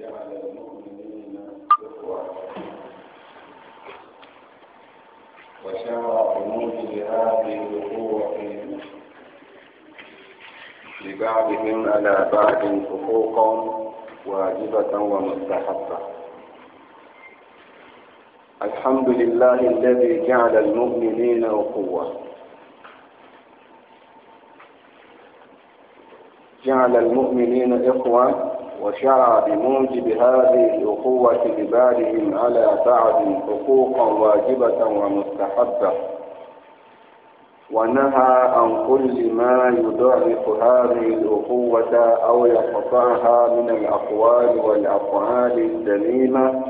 جعل المؤمنين إخوة وشرع في موجب هذه الأخوة لبعضهم على بعض حقوقا واجبة ومستحبة الحمد لله الذي جعل المؤمنين أخوة جعل المؤمنين إخوة وشرع بموجب هذه الأخوة ببالهم على بعد حقوقا واجبة ومستحبة ونهى عن كل ما يضعف هذه الأخوة أو يقطعها من الأقوال والأفعال الذميمة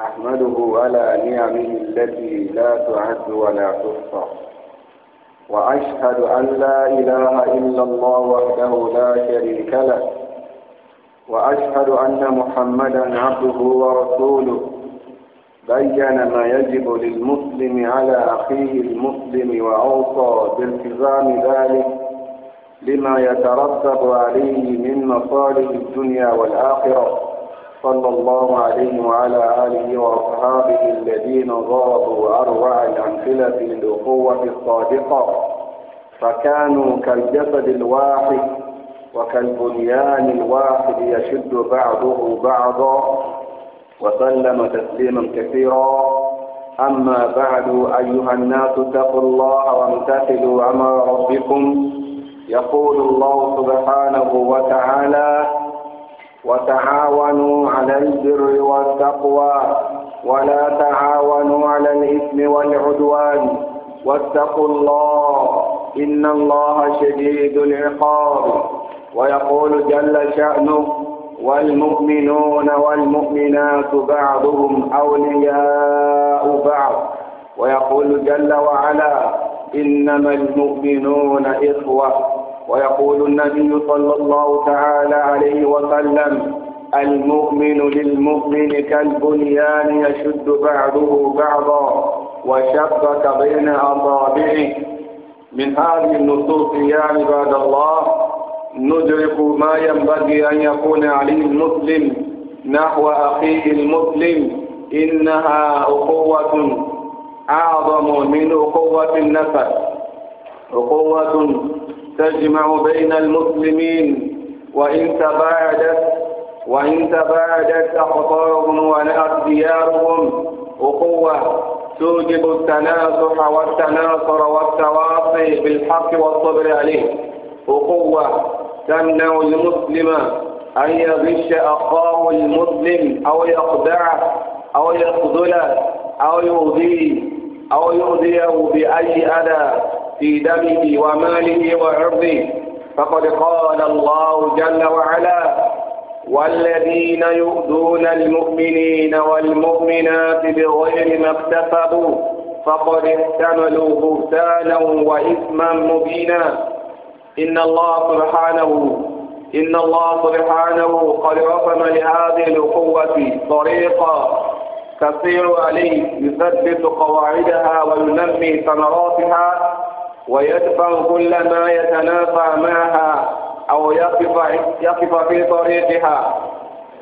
أحمده على نعمه التي لا تعد ولا تحصى وأشهد أن لا إله إلا الله وحده لا شريك له وأشهد أن محمدا عبده ورسوله بين ما يجب للمسلم على أخيه المسلم وأوصى بالتزام ذلك لما يترتب عليه من مصالح الدنيا والآخرة صلى الله عليه وعلى آله وأصحابه الذين ضربوا أروع الأمثلة للأخوة الصادقة فكانوا كالجسد الواحد وكالبنيان الواحد يشد بعضه بعضا وسلم تسليما كثيرا أما بعد أيها الناس اتقوا الله وامتثلوا أمر ربكم يقول الله سبحانه وتعالى وتعاونوا على البر والتقوى ولا تعاونوا على الإثم والعدوان واتقوا الله إن الله شديد العقاب ويقول جل شأنه والمؤمنون والمؤمنات بعضهم أولياء بعض ويقول جل وعلا إنما المؤمنون إخوة ويقول النبي صلى الله تعالى عليه وسلم المؤمن للمؤمن كالبنيان يشد بعضه بعضا وشبك بين أصابعه من هذه النصوص يا عباد الله ندرك ما ينبغي أن يكون عليه المسلم نحو أخيه المسلم إنها أخوة أعظم من أخوة النفس أخوة تجمع بين المسلمين وإن تباعدت وإن تباعدت أخطارهم ونأت ديارهم أخوة توجب التناصح والتناصر والتواصي بالحق والصبر عليه أخوة تمنع المسلم أن يغش أخاه المسلم أو يخدعه أو يخذله أو يؤذيه أو يؤذيه بأي أذى في دمه وماله وعرضه فقد قال الله جل وعلا والذين يؤذون المؤمنين والمؤمنات بغير ما اكتسبوا فقد احتملوا بهتانا وإثما مبينا إن الله سبحانه إن الله سبحانه قد رسم لهذه الأخوة طريقا تسير عليه يثبت قواعدها وينمي ثمراتها ويدفع كل ما يتنافى معها أو يقف يقف في طريقها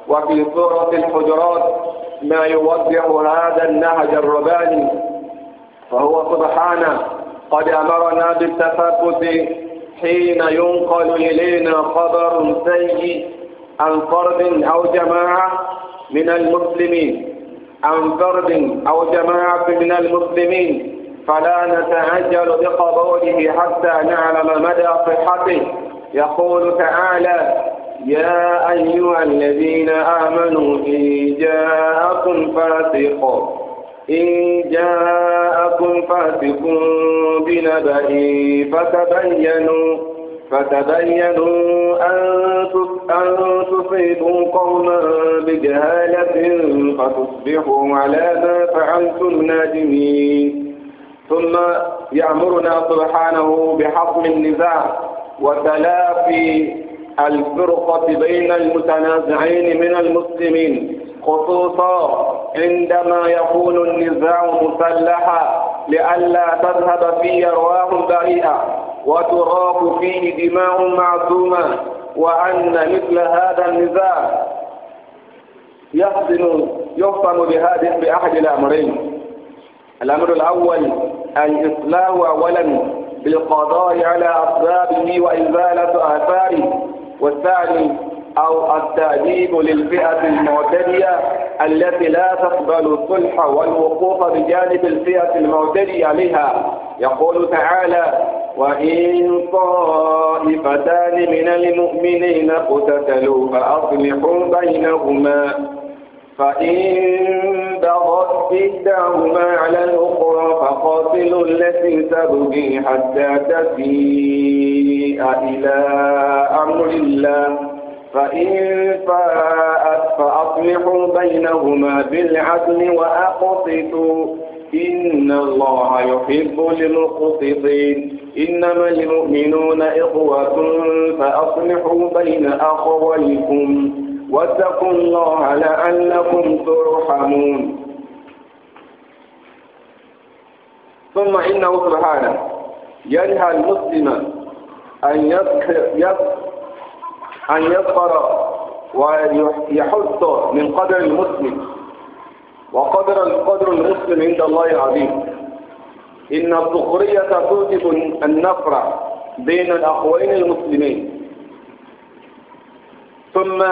وفي سورة الحجرات ما يوضح هذا النهج الرباني فهو سبحانه قد أمرنا بالتثبت حين ينقل إلينا خبر سيء عن فرد أو جماعة من المسلمين عن فرد أو جماعة من المسلمين فلا نتعجل بقبوله حتى نعلم مدى صحته يقول تعالى يا أيها الذين آمنوا إن جاءكم فاسق إن جاءكم فاسق بنبأ فتبينوا فتبينوا أن تصيبوا قوما بجهالة فتصبحوا على ما فعلتم نادمين ثم يأمرنا سبحانه بحطم النزاع وتلافي الفرقة بين المتنازعين من المسلمين خصوصا عندما يكون النزاع مسلحا لئلا تذهب فيه أرواح بريئة وتراق فيه دماء معصومة وأن مثل هذا النزاع يحسن يحسن بهذه بأحد الأمرين الأمر الأول الإصلاح أولا بالقضاء على أسبابه وإزالة آثاره والثاني أو التأديب للفئة المعتدية التي لا تقبل الصلح والوقوف بجانب الفئة المعتدية لها يقول تعالى وإن طائفتان من المؤمنين اقتتلوا فأصلحوا بينهما فإن بغت إحداهما على الأخرى فقاتلوا التي تبغي حتى تفيء إلى أمر الله فإن فاءت فأصلحوا بينهما بالعدل وأقسطوا إن الله يحب المقسطين إنما المؤمنون إخوة فأصلحوا بين أخويكم واتقوا الله لعلكم ترحمون ثم إنه سبحانه ينهى المسلم أن يذكر أن يذكر ويحث من قدر المسلم وقدر القدر المسلم عند الله العظيم إن الذخرية توجب النفرة بين الأخوين المسلمين ثم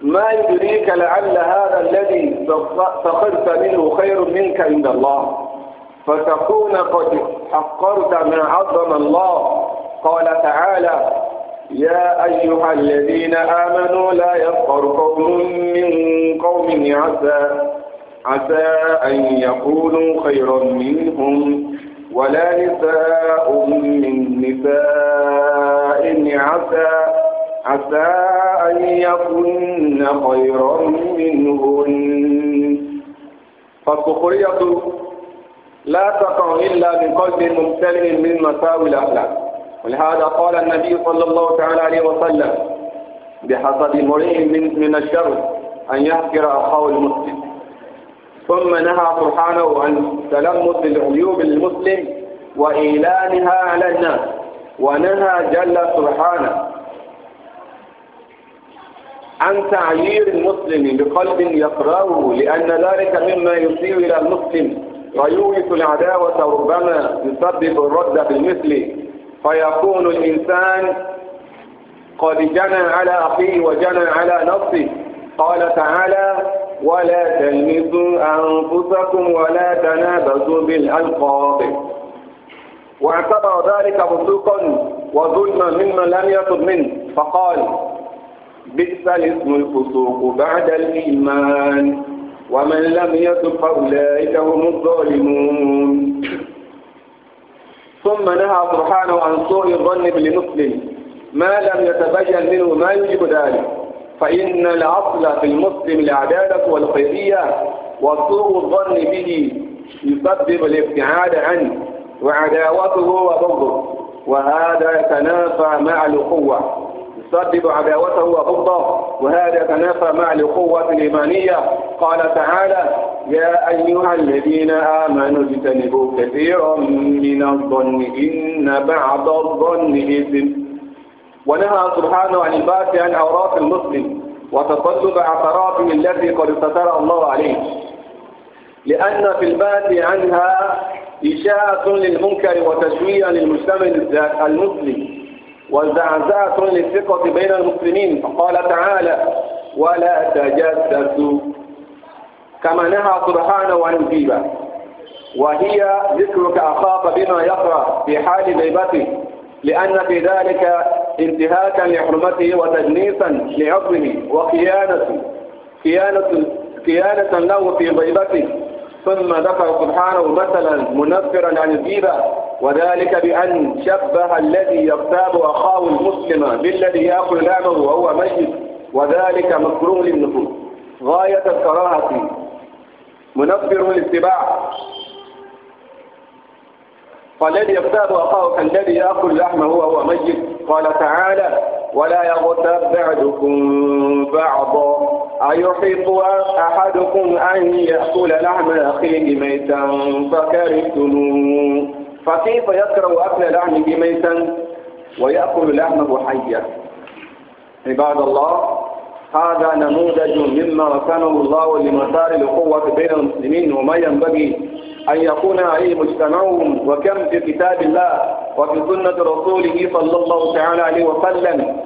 ما يدريك لعل هذا الذي سخرت منه خير منك عند الله فتكون قد حقرت ما عظم الله قال تعالى يا أيها الذين آمنوا لا يسخر قوم من قوم عسى عسى أن يكونوا خيرا منهم ولا نساء من نساء عسى عسى أن يكن خيرا منهن فالسخرية لا تقع إلا من قلب مبتلل من مساوي الأخلاق ولهذا قال النبي صلى الله تعالى عليه وسلم بحسب مريء من من الشر أن يحكر أخاه المسلم ثم نهى سبحانه عن تلمس العيوب المسلم وإيلانها على الناس ونهى جل سبحانه عن تعيير المسلم بقلب يكرهه لأن ذلك مما يصير إلى المسلم ويورث العداوة ربما يسبب الرد بالمثل فيكون الإنسان قد جنى على أخيه وجنى على نفسه قال تعالى ولا تلمسوا أنفسكم ولا تنابزوا بالألقاب واعتبر ذلك فسوقا وظلما ممن لم يطب منه فقال بئس الاسم الفسوق بعد الإيمان ومن لم يتب فأولئك هم الظالمون ثم نهى سبحانه عن سوء الظن بالمسلم ما لم يتبين منه ما يجب ذلك فإن الأصل في المسلم العدالة والخيرية وسوء الظن به يسبب الابتعاد عنه وعداوته وبغضه وهذا يتنافى مع الأخوة يسبب عداوته وضده وهذا تنافى مع القوة الإيمانية قال تعالى يا أيها الذين آمنوا اجتنبوا كثيرا من الظن إن بعض الظن إثم ونهى سبحانه عن البحث عن أوراق المسلم وتقلب عثراته التي قد سترى الله عليه لأن في البحث عنها إشاعة للمنكر وتشويه للمجتمع المسلم وزعزعة للثقة بين المسلمين فقال تعالى ولا تجسسوا كما نهى سبحانه عن الغيبة وهي ذكرك أخاف بما يقرأ في حال غيبته لأن في ذلك انتهاكا لحرمته وتجنيسا لعظمه وخيانة خيانة خيانة له في غيبته ثم ذكر سبحانه مثلا منفرا عن الغيبة وذلك بأن شبه الذي يغتاب أخاه المسلم بالذي يأكل لحمه وهو ميت وذلك مكروه للنفوس غاية الكراهة منفر الاتباع فالذي يغتاب أخاه كالذي يأكل لحمه وهو ميت قال تعالى ولا يغتاب بعدكم بعضا أيحب أحدكم أن يأكل لحم أخيه ميتا فكرهتموه فكيف يكره أكل لحمه ميتا ويأكل لحمه حيا عباد الله هذا نموذج مما ركنه الله لمسار القوة بين المسلمين وما ينبغي أن يكون عليه مجتمعهم وكم في كتاب الله وفي سنة رسوله صلى الله تعالى عليه وسلم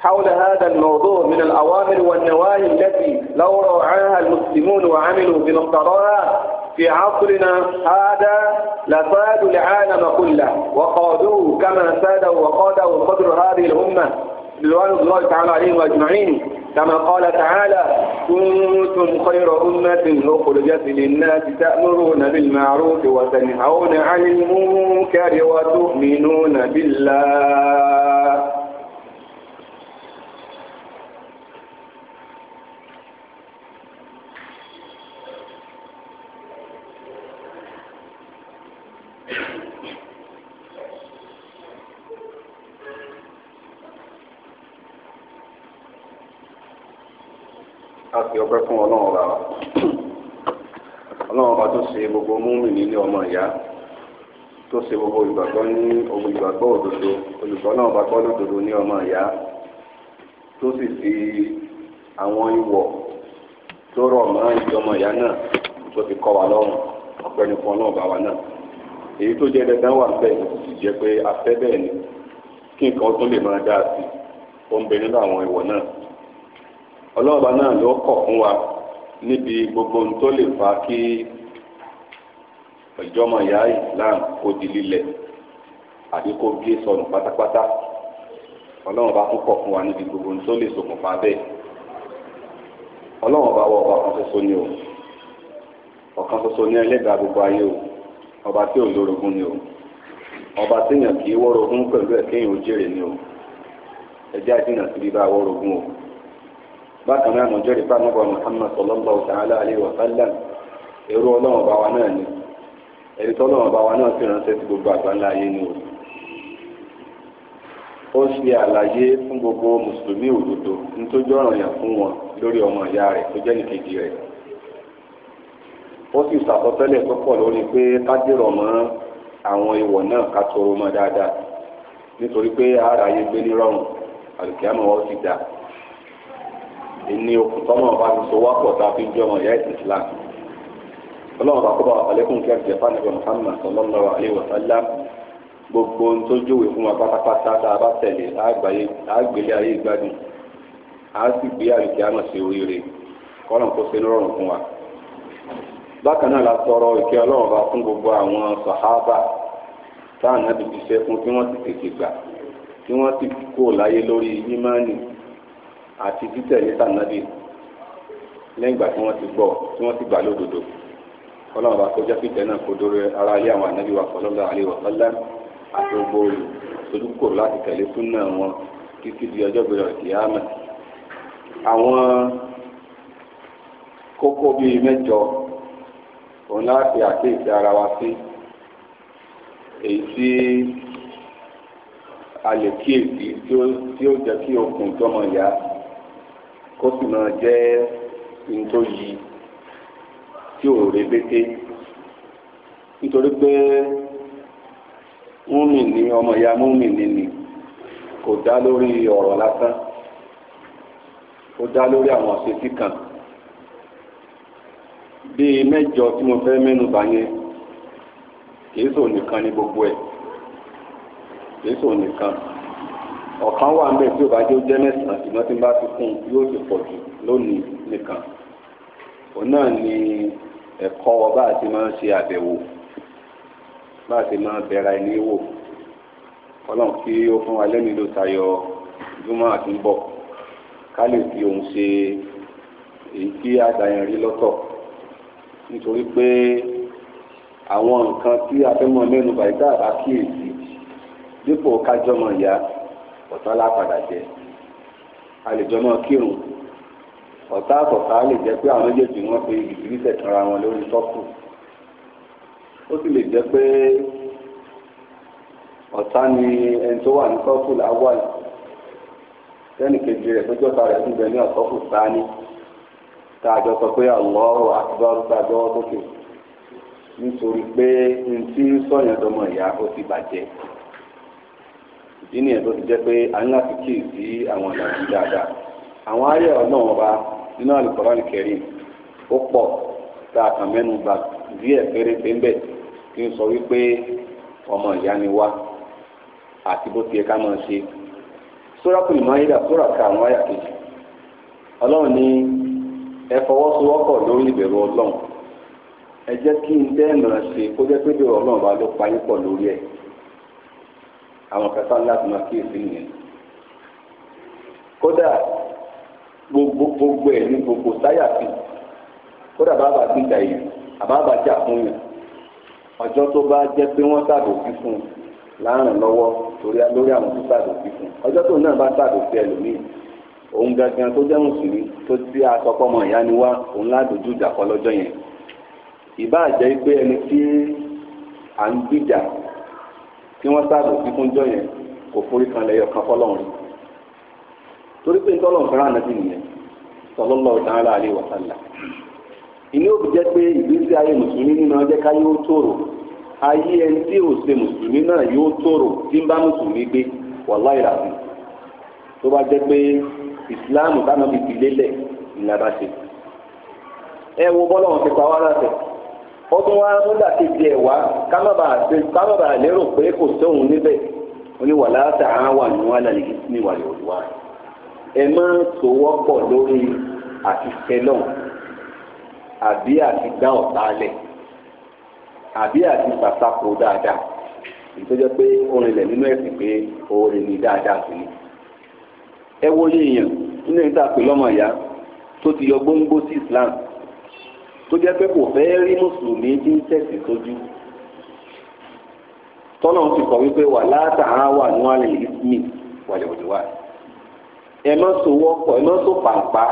حول هذا الموضوع من الأوامر والنواهي التي لو رعاها المسلمون وعملوا بمقتضاها في عصرنا هذا لسادوا العالم كله وقادوه كما سادوا وقاده صدر هذه الأمة رضوان الله تعالى عليهم أجمعين كما قال تعالى كنتم خير أمة أخرجت للناس تأمرون بالمعروف وتنهون عن المنكر وتؤمنون بالله a fi fún ọlọ́run ọba wa ọlọ́run ọba tó ṣe gbogbo múmi nílé ọmọ ìyá tó ṣe gbogbo ìgbàgbọ́ ní ohun ìgbàgbọ́ òdodo olùkọ́ náà bá gbọ́ lódodo ní ọmọ ìyá tó sì fi àwọn ìwọ̀ tó rọ̀ mọ́ ìdí ọmọ ìyá náà tó fi kọ́ wa lọ́rùn ọ̀pẹ́ ní fún ọlọ́ọ̀bá wa náà èyí tó jẹ́ dandan wà bẹ́ẹ̀ sì jẹ́ pé afẹ́ bẹ́ẹ̀ ni kí nǹkan tó lè máa dáa sí ó ń bẹ nínú àwọn ìwọ̀ náà ọlọ́ọ̀bá náà ló kọ̀ fún wa níbi gbogbo ohun tó lè fa kí ìjọmọ ìyá Islam kó di lílẹ̀ àbí kó gé sọnù pátápátá ọlọ́run bá tún kọ̀ fún wa níbi gbogbo ohun tó lè ṣokùnfà bẹ́ẹ̀ ọlọ́run bá wọ ọba kan ṣoṣo ni o ọ̀kan ṣoṣo ni ẹlẹ́dàá gbogbo ayé o ọba tí ò lórogún ni o ọba téèyàn kì í wọ́rogún pẹ̀lú ẹ̀ kéèyàn ni o ẹ jẹ́ àjìnà síbi bá wọ́rogún o. bákan náà nìjọ́ ìfà nígbà Muhammad sallallahu ta'ala alayhi wa sallam ẹrú ọlọ́run bá wa náà ni ẹni tó wa náà sì ránṣẹ́ sí gbogbo àgbáńlá ayé ni o ó ṣe àlàyé fún gbogbo mùsùlùmí òdodo nítójú ọ̀ràn yàn fún wọn lórí ọmọ ìyá rẹ̀ tó jẹ́ nìkejì rẹ̀ ó sì tó pọ̀ lórí pé mọ́ àwọn ìwọ̀ náà ká mọ́ dáadáa nítorí pé ara ayé gbé ní rọrùn wọn ìní òkùtọ́ náà bá ti pọ̀ tá a fi ń jọmọ ìyá ìsìn ọlọ́run àkọ́bọ̀ àlékún kí a jẹ fún muhammad gbogbo ohun tó jòwé fún wa pátápátá tá a bá tẹ̀lé àgbélé a sì gbé àyùkí àmọ̀ sí oríire kọ́nà kó fún wa. bákan náà la tọrọ ìkẹ́ ọlọ́run bá fún àwọn sàhábà náà ti fi fún kí wọ́n ti tètè gbà kí wọ́n ti àti títẹ̀lé sànàbì lẹ́yìn ìgbà tí wọ́n ti gbọ́ tí wọ́n ti gbà lódodo kọ́lọ́mù bá kọjá fìtẹ́ náà kó dóró ara ilé àwọn ànábì wa sallallahu alaihi wa sallam àti gbogbo olùsojúkò láti tẹ̀lé súnà wọn títí di ọjọ́ gbèrò ìkìyàmà àwọn kókó bíi mẹ́jọ òun láti àkéèsí ara wa sí èyí tí a lè kíyèsí tí ó jẹ́ kí okùn tọmọ ìyá kó sì máa jẹ́ nítòyí tí ò rebété nítorí pé múmi ní ọmọ ìyá múmi ní ni kò dá lórí ọ̀rọ̀ lásán ó dá lórí àwọn ọ̀sẹ̀tì kan bíi mẹ́jọ tí mo fẹ́ mẹ́nu bà yẹn kìí sòun nìkan ní gbogbo ẹ̀ kìí sòun nìkan ọ̀kan wà ń bẹ̀ tí ò bá jẹ́ jẹ́ mẹ́sàn-án ṣùgbọ́n bá ti kún yóò ti pọ̀ jù lónìí nìkan òun náà ni ẹ̀kọ́ bá a ti máa ń ṣe àbẹ̀wò bá a ti máa bẹ̀ra ẹni wò ọlọ́run kí ó fún wa lẹ́nu ló tayọ júmọ́ àtúnbọ̀ ká lè fi òun ṣe èyí tí àdáyẹn rí lọ́tọ̀ nítorí pé àwọn nǹkan tí a fẹ́ mọ mẹ́nu bàyí tá kíyèsí dípò kájọ́mọ̀ ìyá ọ̀tá lápadà jẹ àlejò kírun ọ̀tá àtọ̀tá lè jẹ́ pé àwọn méjèèjì wọ́n pe ìgbìgbìsẹ̀ kanra wọn lórí tọ́pù ó sì lè jẹ́ pé ọ̀tá ni ẹni tó wà ní tọ́pù láwàl rẹ̀ rẹ̀ bẹ ní sáání a jọ sọ pé tá a sókè nítorí pé sọ̀yàn yìí nìyẹn tó ti jẹ́ pé a ní láti kíì sí àwọn ìlànà dáadáa àwọn ayé ọlọ́run ọba nínú àlùkòrán kẹrin ó pọ̀ tá a kàn mẹ́nu bà díẹ̀ péréte ń bẹ̀ n sọ wípé ọmọ ìyá ni wá àti bó ti yẹ ká máa ṣe sóràkùn ìmọ̀ ka àwọn àyà kejì ọlọ́run ní ẹ fọwọ́sowọ́pọ̀ lórí ìbẹ̀rù ọlọ́run ẹ jẹ́ kí n ṣe kó jẹ́ pé àwọn kẹta láti máa kíyèsí nìyẹn kódà gbogbo gbogbo ẹ ní gbogbo táyà sí kódà bàbá ti jà yìí àbábà jà fún yàn ọjọ́ tó bá jẹ́ pé wọ́n ṣàdòsí fún un láàrín lọ́wọ́ lórí àwọn tó ṣàdòsí fún un ọjọ́ tó náà bá ṣàdòsí ẹlòmíì òun gangan tó jẹ́ mùsùlùmí tó ti àsọpọ̀mọ ìyá ni wá òun ládòjú ìjà kọ lọ́jọ́ yẹn ìbáà jẹ́ pé ẹni tí à ń gbìjà kí wọ́n sáàbò sí fún jọ yẹn kò forí kan lẹ́yọ̀ kan fọlọ́run rí torí pé ntọ́lọ́run fẹ́ràn ànábì nìyẹn sallallahu ta'ala alaihi wa sallam ìní òbí jẹ́ pé ìgbésí ayé mùsùlùmí nínú ọjọ́ ká yóò tòrò ayé ẹni tí ò ṣe mùsùlùmí yóò tòrò tí mùsùlùmí gbé ràbí tó bá jẹ́ ó tún wá múdà kejì ẹ̀ wá kámọ́bà lérò pé kò sóhun níbẹ̀ oníwàlá tààwà ní wàlá ní wàlẹ̀ òdùwà ẹ máa ń sòwọ́pọ̀ lórí àti sẹlọ̀ àbí àti dá ọ̀tá lẹ̀ àbí àti pàtàkó dáadáa ìtọ́jọ́ pé orin lẹ̀ nínú ẹ̀sìn pé orin ni dáadáa sí ni ẹ wọlé èèyàn nínú ìta pè lọ́mọ ìyá tó ti yọ gbóngbó sí Islam tó jẹ́ pé kò fẹ́ rí mùsùlùmí tí ń tẹ̀sí sójú tọ́nà ti kọ̀ wípé wà látàá wà ní wàlẹ̀ ìsmi wàlẹ̀ òdìwà ẹ má so wọ́pọ̀ ẹ má so pàǹpá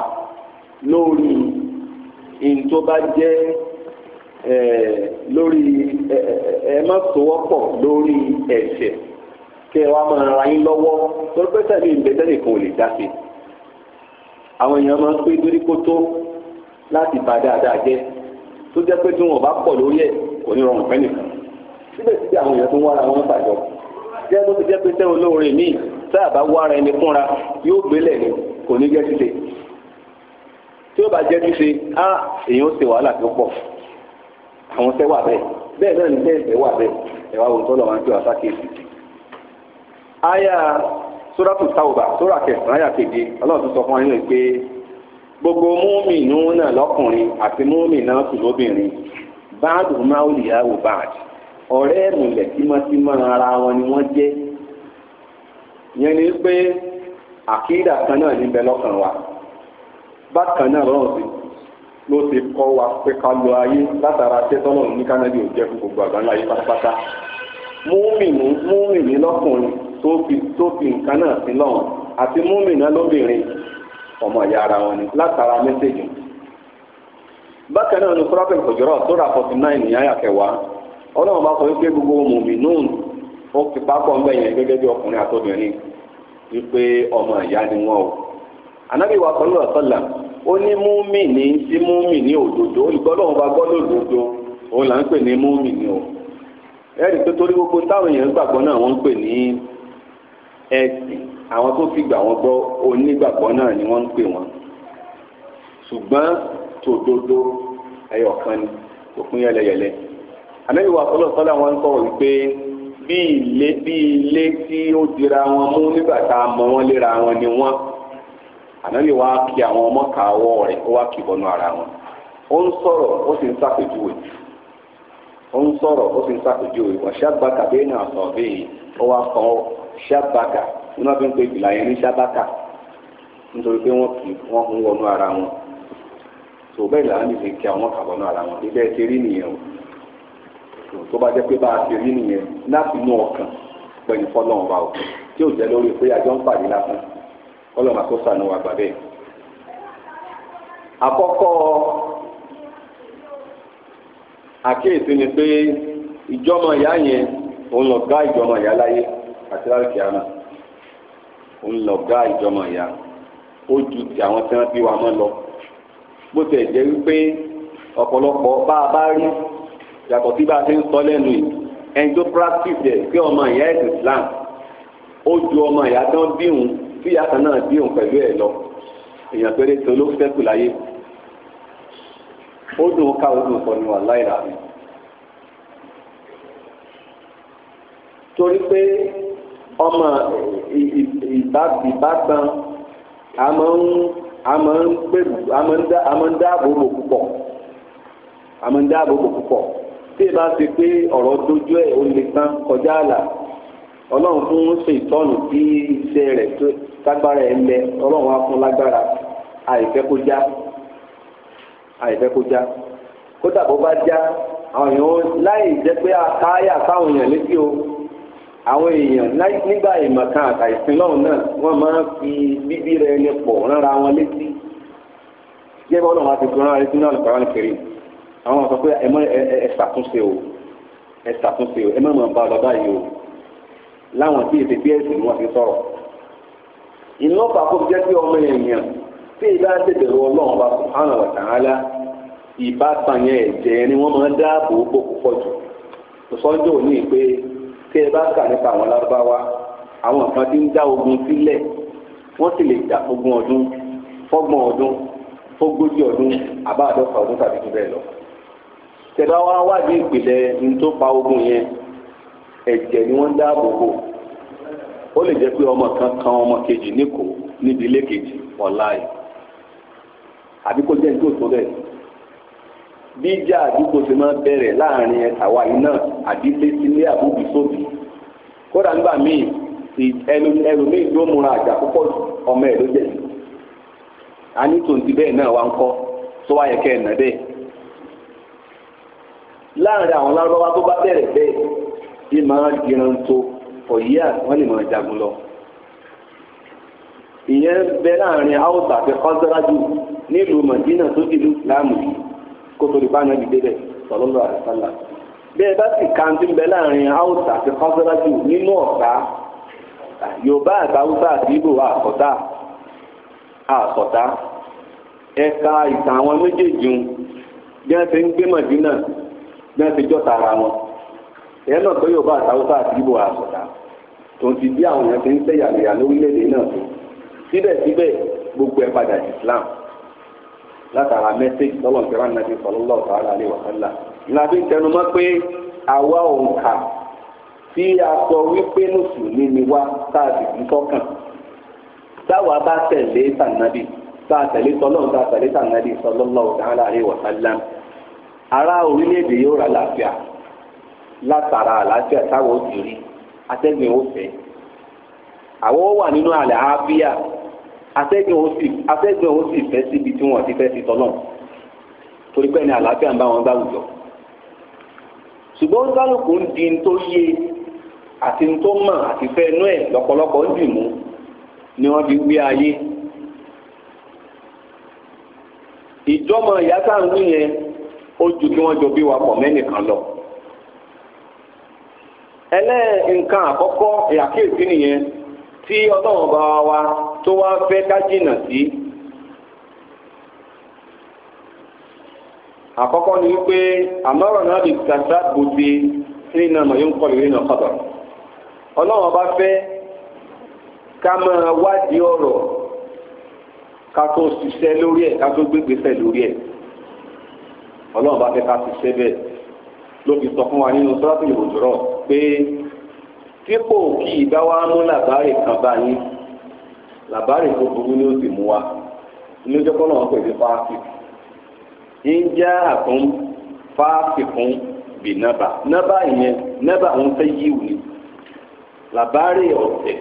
lórí ìyìn tó bá jẹ́ lórí ẹ má so wọ́pọ̀ lórí ẹ̀ṣẹ̀ kí ẹ wá máa ra yín lọ́wọ́ torí pé sẹ́mi ìgbésẹ̀ nìkan ò lè dá sí àwọn èèyàn máa ń pé dórí kótó láti bá dáadáa jẹ́ tó jẹ́ pé tí wọn bá pọ̀ lórí ẹ̀ kò ní rọrùn fẹ́nìkan síbẹ̀síbẹ̀ àwọn èèyàn tó ń wára wọn fàjọ jẹ́ tó ti jẹ́ pé sẹ́wọ̀n olóore míì sáà bá wára ẹni fúnra yóò gbélẹ̀ ni kò ní jẹ́ ṣíṣe tí ó bá jẹ́ ṣíṣe á èèyàn ó ṣe wàhálà tó pọ̀ àwọn sẹ́wà bẹ́ẹ̀ bẹ́ẹ̀ náà ní bẹ́ẹ̀ sẹ́wà bẹ́ẹ̀ ẹ̀wà ohun tó lọ máa ń pè wá àyà sóràtù táwùbà sórà kẹsàn-án àyà ọlọ́run tó sọ fún wa nínú pé gbogbo múmi núnà lọ́kùnrin àti múmi náà sì lóbìnrin báàdù máa ń lìyà wò báàdì ọ̀rẹ́ ẹ̀mùlẹ̀ tímọ́tímọ́ ara wọn ni wọ́n jẹ́ yẹn ni pé àkídà kan náà níbẹ̀ lọ́kàn wa bákan náà lọ́rùn sí ló ti kọ́ wa pé ká lo ayé látara tẹ́tọ́nà ní kánábì ò jẹ́ fún gbogbo àgbáńlá ayé pátápátá múmìnú múmìnú lọ́kùnrin tó fi tó fi nǹkan náà sí lọ́hùn àti múmìnú lóbìnrin ọmọ ìyá ara wọn ni látara mẹ́sẹ̀jì bákan náà ní Suratul Hujurat sura forty nine ní àyà kẹwàá ọlọ́run bá sọ wípé gbogbo mùmínùn ó ti pápọ̀ ń bẹ̀yẹn gẹ́gẹ́ bí ọkùnrin àtọ́bìnrin wípé ọmọ ìyá ni wọn o anábì wa sallallahu alaihi wasallam ó ní múmìnì sí múmìnì òdodo olùgbọ́lọ́run bá gbọ́ lódodo òun là ń pè ní o ẹ̀rí pé torí gbogbo táwọn èèyàn gbàgbọ́ náà wọ́n ń àwọn tó fi gbà wọ́n gbọ́ onígbàgbọ́ náà ni wọ́n ń pè wọ́n ṣùgbọ́n tòdodo ẹyọ kan ni kò pín yẹlẹyẹlẹ àmẹ́lì wa sọ́lọ̀ sọ́lá wọn ń sọ̀rọ̀ wípé bí ilé bí ilé tí ó dira wọn mú nígbà tá a mọ wọn léra wọn ni wọn àmẹ́lì wa kí àwọn ọmọ kàwọ́ rẹ̀ ó wá kì bọnú ara wọn ó ń sọ̀rọ̀ ó sì ń ṣàpèjúwe ó ń sọ̀rọ̀ ó sì ń ṣàpèjúwe wọ́n ṣàgbàkà bẹ́ẹ̀ náà sọ̀ bẹ́ẹ̀ ó wá sọ ṣàgbàkà ni wọ́n fi ń pe ìgbìlà yẹn ní sábàkà nítorí pé wọ́n kì wọ́n ń wọnú ara wọn tó bẹ́ẹ̀ làwọn lè fi kí àwọn kà wọnú ara wọn ilé ti rí nìyẹn o tó bá jẹ́ pé bá a ti rí nìyẹn láti inú ọkàn pẹ̀lú fọlọ́run wa o tí ò jẹ́ lórí pé àjọ ń pàdé lásán fọlọ́run àti sànù wa gbà bẹ́ẹ̀. àkọ́kọ́ àkíyèsí ni pé ìjọmọ ìyá yẹn òun lọ gá ìjọmọ ìyá láyé àti láti kìá náà ń lọ gá ìjọmọ ìyá ó ju ti àwọn tí wọ́n bí wa mọ́ lọ bó tẹ̀ jẹ́ wípé ọ̀pọ̀lọpọ̀ bá a bá rí yàtọ̀ tí bá a ti ń sọ lẹ́nu yìí ẹni tó practice ẹ̀ pé ọmọ ìyá ẹ̀sìn Islam ó ju ọmọ ìyá tí wọ́n bí òun tí ìyá kan náà bí òun pẹ̀lú ẹ̀ lọ èèyàn péré tó ló fẹ́kù láyé ó dùn ká ó dùn sọ ní wà láìra mi torí pé ọmọ ìbátan a máa ń a máa ń gbèrú a máa ń dáàbò bò púpọ̀ a máa ń dáàbò bò púpọ̀ tí ì bá ti pé ọ̀rọ̀ dojú ẹ̀ ó lè tán kọjá àlà ọlọ́run fún ṣe ìtọ́nù tí iṣẹ́ rẹ̀ tó lágbára ẹ̀ lẹ ọlọ́run á fún lágbára àìfẹ́ kó já àìfẹ́ kó já kódà bó bá já àwọn èèyàn láì jẹ́ pé a káyà táwọn èèyàn létí o àwọn èèyàn nígbà ìmọ̀kan àtàìsìn lọ́hùn náà wọ́n máa ń fi bíbí rẹ ní pọ̀ rárá wọn létí jẹ́ bọ́ lọ́wọ́ àti gbọ́nrán rẹ sínú àlùkò àwọn kiri àwọn sọ pé ẹ mọ ẹ o ẹ ṣàtúnṣe o ẹ mọ̀ bá lọ báyìí o láwọn tí ètè bí ẹ̀sìn ni wọ́n ti sọ̀rọ̀ ìlú ọ̀pá kó jẹ́ pé ọmọ èèyàn tí ìbá tẹ̀bẹ̀rù ọlọ́run bá subhanahu wa ta'ala ìbátan yẹn ẹ̀jẹ̀ ni wọ́n máa dáàbò bò púpọ̀ jù sọ́jọ́ òní tí ẹ bá kà nípa àwọn lárúbáwá àwọn kan ti ń dá ogun sílẹ̀ wọn sì lè jà ogun ọdún fọgbọn ọdún fógójì ọdún àbá ọdún tàbí jù lọ. tẹ̀bá wá wádìí ìpìlẹ̀ ní tó pa ogun yẹn ẹ̀jẹ̀ ni wọ́n dáàbò bò ó lè ọmọ kan kan ọmọ kejì níkò níbi ilé kejì bíjà àdúgbò ti máa bẹ̀rẹ̀ láàrin àwa yìí náà àdílé sílé àbúbí sóbì kódà nígbà míì ẹlòmíì ló múra àjà púpọ̀ jù ọmọ ẹ̀ ló jẹ̀ sí a ní tòǹtì bẹ́ẹ̀ náà wá ń kọ́ tó wáyẹ kẹ́ ẹ̀ nà bẹ́ẹ̀ láàrin àwọn lárúbáwá tó bá bẹ̀rẹ̀ bẹ́ẹ̀ bí máa diran tó òyí àtúwọ́n lè máa jagun lọ ìyẹn bẹ láàrin haúsá àti kọ́sẹ́rájú nílùú mọ̀dínà tó dìlú ìsìlámù yìí kótó ní bá nàbí débẹ̀ sallallahu alaihi wasallam bẹ́ẹ̀ bá sì ka ti ń bẹ láàrin haúsá àti kọ́sọ́lájú nínú ọ̀tá yorùbá àti haúsá àti ibo àkọ́tà àkọ́tà ẹ̀ka ìtàn àwọn méjèèjì ń bí wọ́n ti ń gbé mọ̀dínà bí wọ́n ti jọ́ta ara wọn ẹ̀yẹ́ náà tó yorùbá àti haúsá àti ibo àkọ́tà tó ti bí àwọn èèyàn ti ń sẹ́yàmẹ̀yà lórílẹ̀‐èdè náà tó síbẹ̀síbẹ̀ gbogbo ẹ̀ padà Islam. látara mẹ́sẹ̀gì tọ́lọ̀ ìjọba nàbí sallallahu ta'ala alaihi pé àwa òǹkà tí a sọ wípé mùsùlùmí ni wá tá a sì fi táwa bá tẹ̀lé tànàbí tá a tẹ̀lé tọ́lọ̀ tá a tẹ̀lé yóò ra látara rí nínú atẹ́gbẹ̀ o sì atẹ́gbẹ̀ ó sì fẹ́ síbi tí wọ́n ti fẹ́ torí àlàáfíà ń bá wọn gbàwùjọ ṣùgbọ́n kálukú ń di tó yé àti tó mọ̀ àti fẹ́ inú ẹ̀ lọ́pọ̀lọpọ̀ ń dì mú ni wọ́n fi gbé ayé ìjọmọ ìyá tá à ń wí yẹn ju kí wọ́n jọ bí wa pọ̀ mẹ́nìkan lọ nǹkan tó wá fẹ́ ká jìnà sí. àkọ́kọ́ ni wípé àmọ́ràn náà lè tàṣà gbòde sí iná màá yóò ń kọ́lé nínú ọ̀kadà ọlọ́run ọba fẹ́ ká máa wádìí ọ̀rọ̀ ká tó ṣiṣẹ́ lórí ẹ̀ ká tó gbégbèsè lórí ẹ̀ ọlọ́run ọba fẹ́ ká ṣiṣẹ́ bẹ́ẹ̀ ló fi sọ fún wa nínú sọ́dọ̀tì ìròjọ́rọ̀ pé dípò kí ìdáwà múlà bá kan bá làbárì tó burú ni ó sì mú wa inú jẹ́kọ́ náà pè ní fáfik ń jẹ́ àkún fáfikún bì nábà nábà ìyẹn nábà ń fẹ́ yíwù ni làbárì ọ̀tẹ̀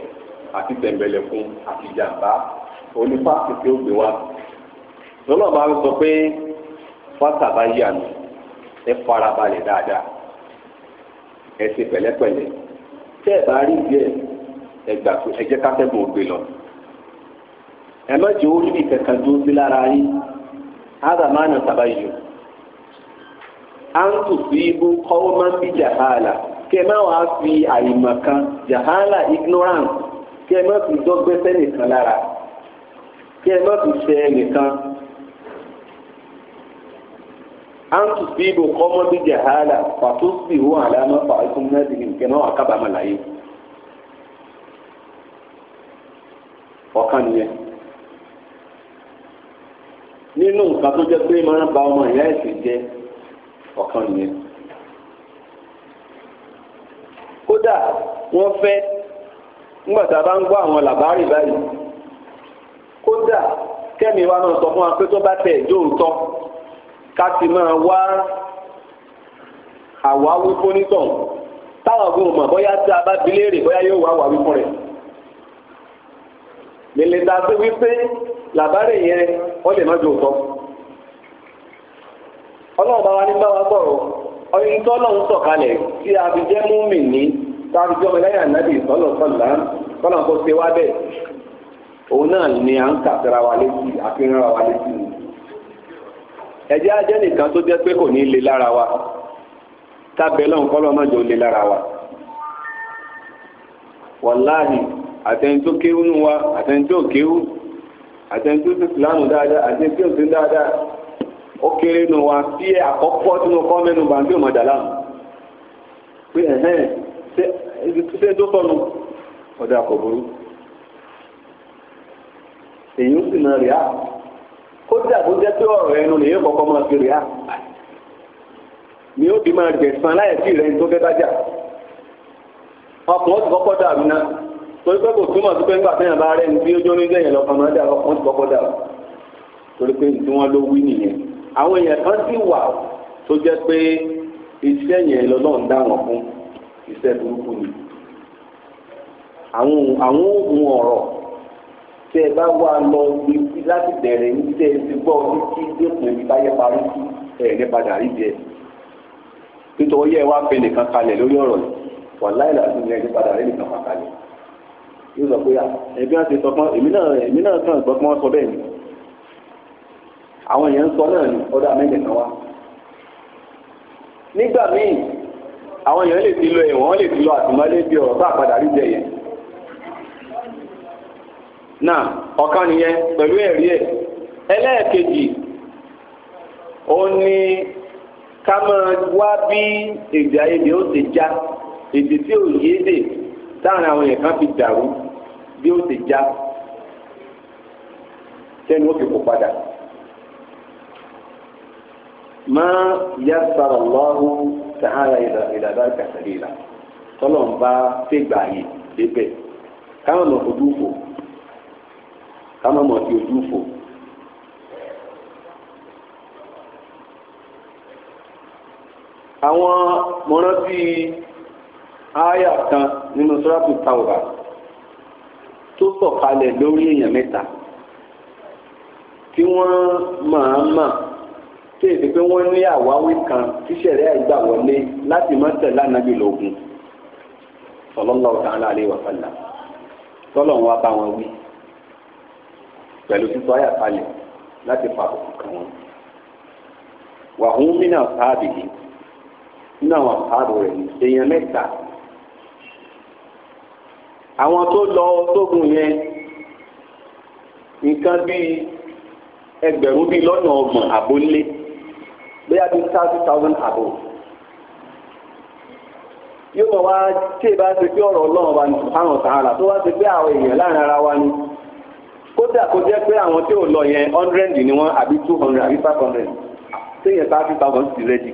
àti tẹ̀m̀bẹ̀lẹ̀kún àti jàǹbá onífáàsì tí ó gbé wa lọ́nà máa ń sọ pé fásitì àbáyé àná ẹ farabalẹ̀ dáadáa ẹ ṣe pẹ̀lẹ́pẹ̀lẹ́ tẹ́ ẹ bá rí díẹ̀ ẹ gbà pé ẹ jẹ́ kátẹ́gùn ògbé lọ ẹ má jẹ́ orí bí kankan dúró sí lára yín hádà má nà sábà yìí à ń tù sí ibú kọ́wọ́ máa ń bí jàhálà kí ẹ má wàá fi àyìnbọn kan jàhálà ignorance kí ẹ má fi dọ́gbẹ́sẹ́ nìkan lára kí ẹ má fi ṣe ẹnìkan antu bibo kọmọ bi jahala fato si wo alama fa ikun na digi nkẹnẹ wa kaba ma la ọ̀kan yẹ nínú nǹkan tó jẹ́ pé máa ń ba ọmọ ìyá ẹ̀sìn jẹ́ ọ̀kan yẹn. kódà wọ́n fẹ́ nígbà tá a bá ń gbọ́ àwọn làbárì báyìí kódà kẹ́mi wa náà sọ fún wa pé tó bá tẹ̀ ẹ̀jọ́ òótọ́ ká ti máa wá àwa wí fún nítàn táwọn ọgbọ́n mọ̀ bóyá tí a bá bi léèrè bóyá yóò wá wà wí fún rẹ̀ lèlè ta sí wípé làbárì yẹn ó lè má jò tọ́ ọlọ́run bá wa ní bá wa gbọ́rọ̀ ọyún tó ọlọ́run sọ̀kalẹ̀ tí a fi jẹ́ múmi ní tá a fi jọmọ lẹ́yìn ànábì sọ́lọ̀ ṣe wá bẹ́ẹ̀ òun náà ni à ń kà wa létí àfihàn wa létí ni ẹ̀jẹ̀ ajẹ́ nìkan tó jẹ́ pé kò ní le lára wa tábẹ́ lọ́n kọ́lọ́ má jọ le lára wa wàláhì àtẹnudó kéwú nu wa àtẹnudó àtẹnudó sí ìsìlámù dáadáa àtẹnudó sí dáadáa ó kéré nu wa sí àkọ́kọ́ tí mo kọ́ mẹ́nu bá ń bí òmàdà láàmú pé ẹ̀hẹ́n ṣé tó sọnù ọ̀dà èyí ń sì a kódà jẹ́ pé ọ̀rọ̀ ẹnu lè kọ́kọ́ máa fi ni ó di máa láyẹ̀ sí ìrẹ́ni tó fẹ́ torí pé kò túmọ̀ sí pé nígbà téèyàn bá rẹ̀ ń bí ojú oníjẹ́ yẹn lọ́kàn máa dà wọ́n ti kọ́kọ́ dà torí pé tí wọ́n ló wí nìyẹn àwọn èèyàn kan sì wà tó jẹ́ pé iṣẹ́ yẹn lọ́lọ́run dá wọn fún iṣẹ́ burúkú ni àwọn àwọn oògùn ọ̀rọ̀ tẹ́ ẹ bá wà lọ ibi láti bẹ̀rẹ̀ ní tẹ́ ẹ ti gbọ́ títí dẹ́kun ibi báyẹ̀ parí sí ẹ̀ ní padà rí jẹ nítorí ẹ wá fẹ́ nìkan kalẹ̀ lórí ọ̀rọ̀ yìí wàláìlà tún ní ẹni padà rí nìkan kalẹ̀ yóò sọ pé ẹbí wọn ti sọ pé èmi náà èmi náà kàn gbọ́ pé wọ́n sọ bẹ́ẹ̀ ni àwọn èèyàn ń sọ náà ní ọ̀dọ̀ àmẹ́jẹ̀ kan wá. nígbà míì àwọn èèyàn lè ti lọ ẹ̀wọ̀n wọ́n lè ti lọ àtìmọ́lé bí ọ̀rọ̀ bá padà rí jẹ yẹn. náà ọ̀kan nìyẹn pẹ̀lú ẹ̀rí ẹ̀ ẹlẹ́ẹ̀kejì ó ní ká máa wá bí èdè àìyedè ó ti já èdè tí ò yéé dè táwọn àwọn yẹn kan fi dàrú bí ó ti já sẹ́ni ó fi kó padà. má yasara Allahu ta'ala ìdàdà kàtàlẹ́ ìlà tọ́lọ̀ ń bá fẹ́gbà yìí débẹ̀ káwọn mọ̀ ojú fò káwọn mọ̀ fi ojú fò. àwọn mọ̀ràn bíi ááyà kan nínú sọ́ràtù tàwùbà tó sọ̀kalẹ̀ lórí èèyàn mẹ́ta tí wọ́n máa mà tí èdè pé wọ́n ní àwáwí kan tíṣẹ̀rẹ́ àìgbà wọlé láti má tẹ̀lé ànábì lógun sallallahu ta'ala alaihi wa sallam tọ́lọ̀ wọn bá wọn wí pẹ̀lú títọ́ àyà kalẹ̀ láti fa àbùkù kan wọn. wàhùn mí náà sáàbì yìí nínú àwọn àbáàbò rẹ̀ èèyàn mẹ́ta àwọn tó lọ sógun yẹn nǹkan bíi ẹgbẹ̀rún bíi lọ́nà ọgbọ̀n àbólé bóyá bíi thirty thousand àbò yóò mọ̀ wá tí ì bá ṣe pé ọ̀rọ̀ ọlọ́run wa ní subhanahu wa ta'ala tó wá ṣe pé àwọn èèyàn láàrin ara wa ni kódà kó jẹ́ pé àwọn tí ò lọ yẹn hundred ni wọ́n àbí two hundred àbí five hundred téèyàn thirty thousand ti rẹ́dì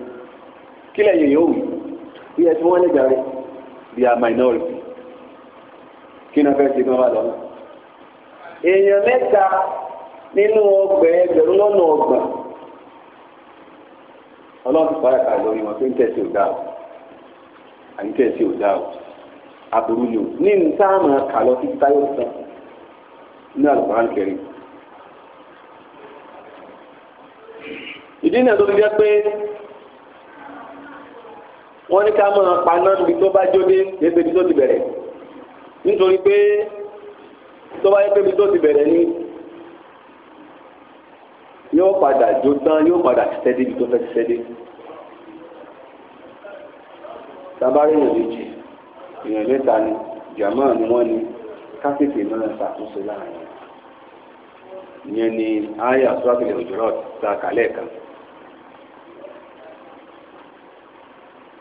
kílẹ̀ yẹn yóò wí bí ẹ ti wọ́n lè jàre they are minority kí ni afẹ́ ti gan wa lọ́nà. èèyàn mẹ́ta nínú ọgbẹ́ ẹgbẹ̀rún lọ́nà ọgbà ọlọ́run fara kà lórí wọn pé ń tẹ̀sí ò dáa à ń tẹ̀sí ò dáa aburú ni o ní ntáàmù kà lọ sí táyọ̀ sàn ní alùpàrán kẹrin. ìdí náà tó fi jẹ́ pé wọ́n ní ká máa pa náà níbi tó bá jó dé lébi tó ti bẹ̀rẹ̀ nítorí pé tó yẹ pé ibi tó ti bẹ̀rẹ̀ ni yóò padà jó tán yóò padà ṣiṣẹ́ débi tó fẹ́ ṣiṣẹ́ dé tabari èèyàn méjì èèyàn mẹ́ta ni jàmáà ni wọ́n ní kásìkè náà ṣàtúnṣe láàrin ìyẹn ni aya sọ́kìlẹ̀ òjòrò ta kálẹ̀ kan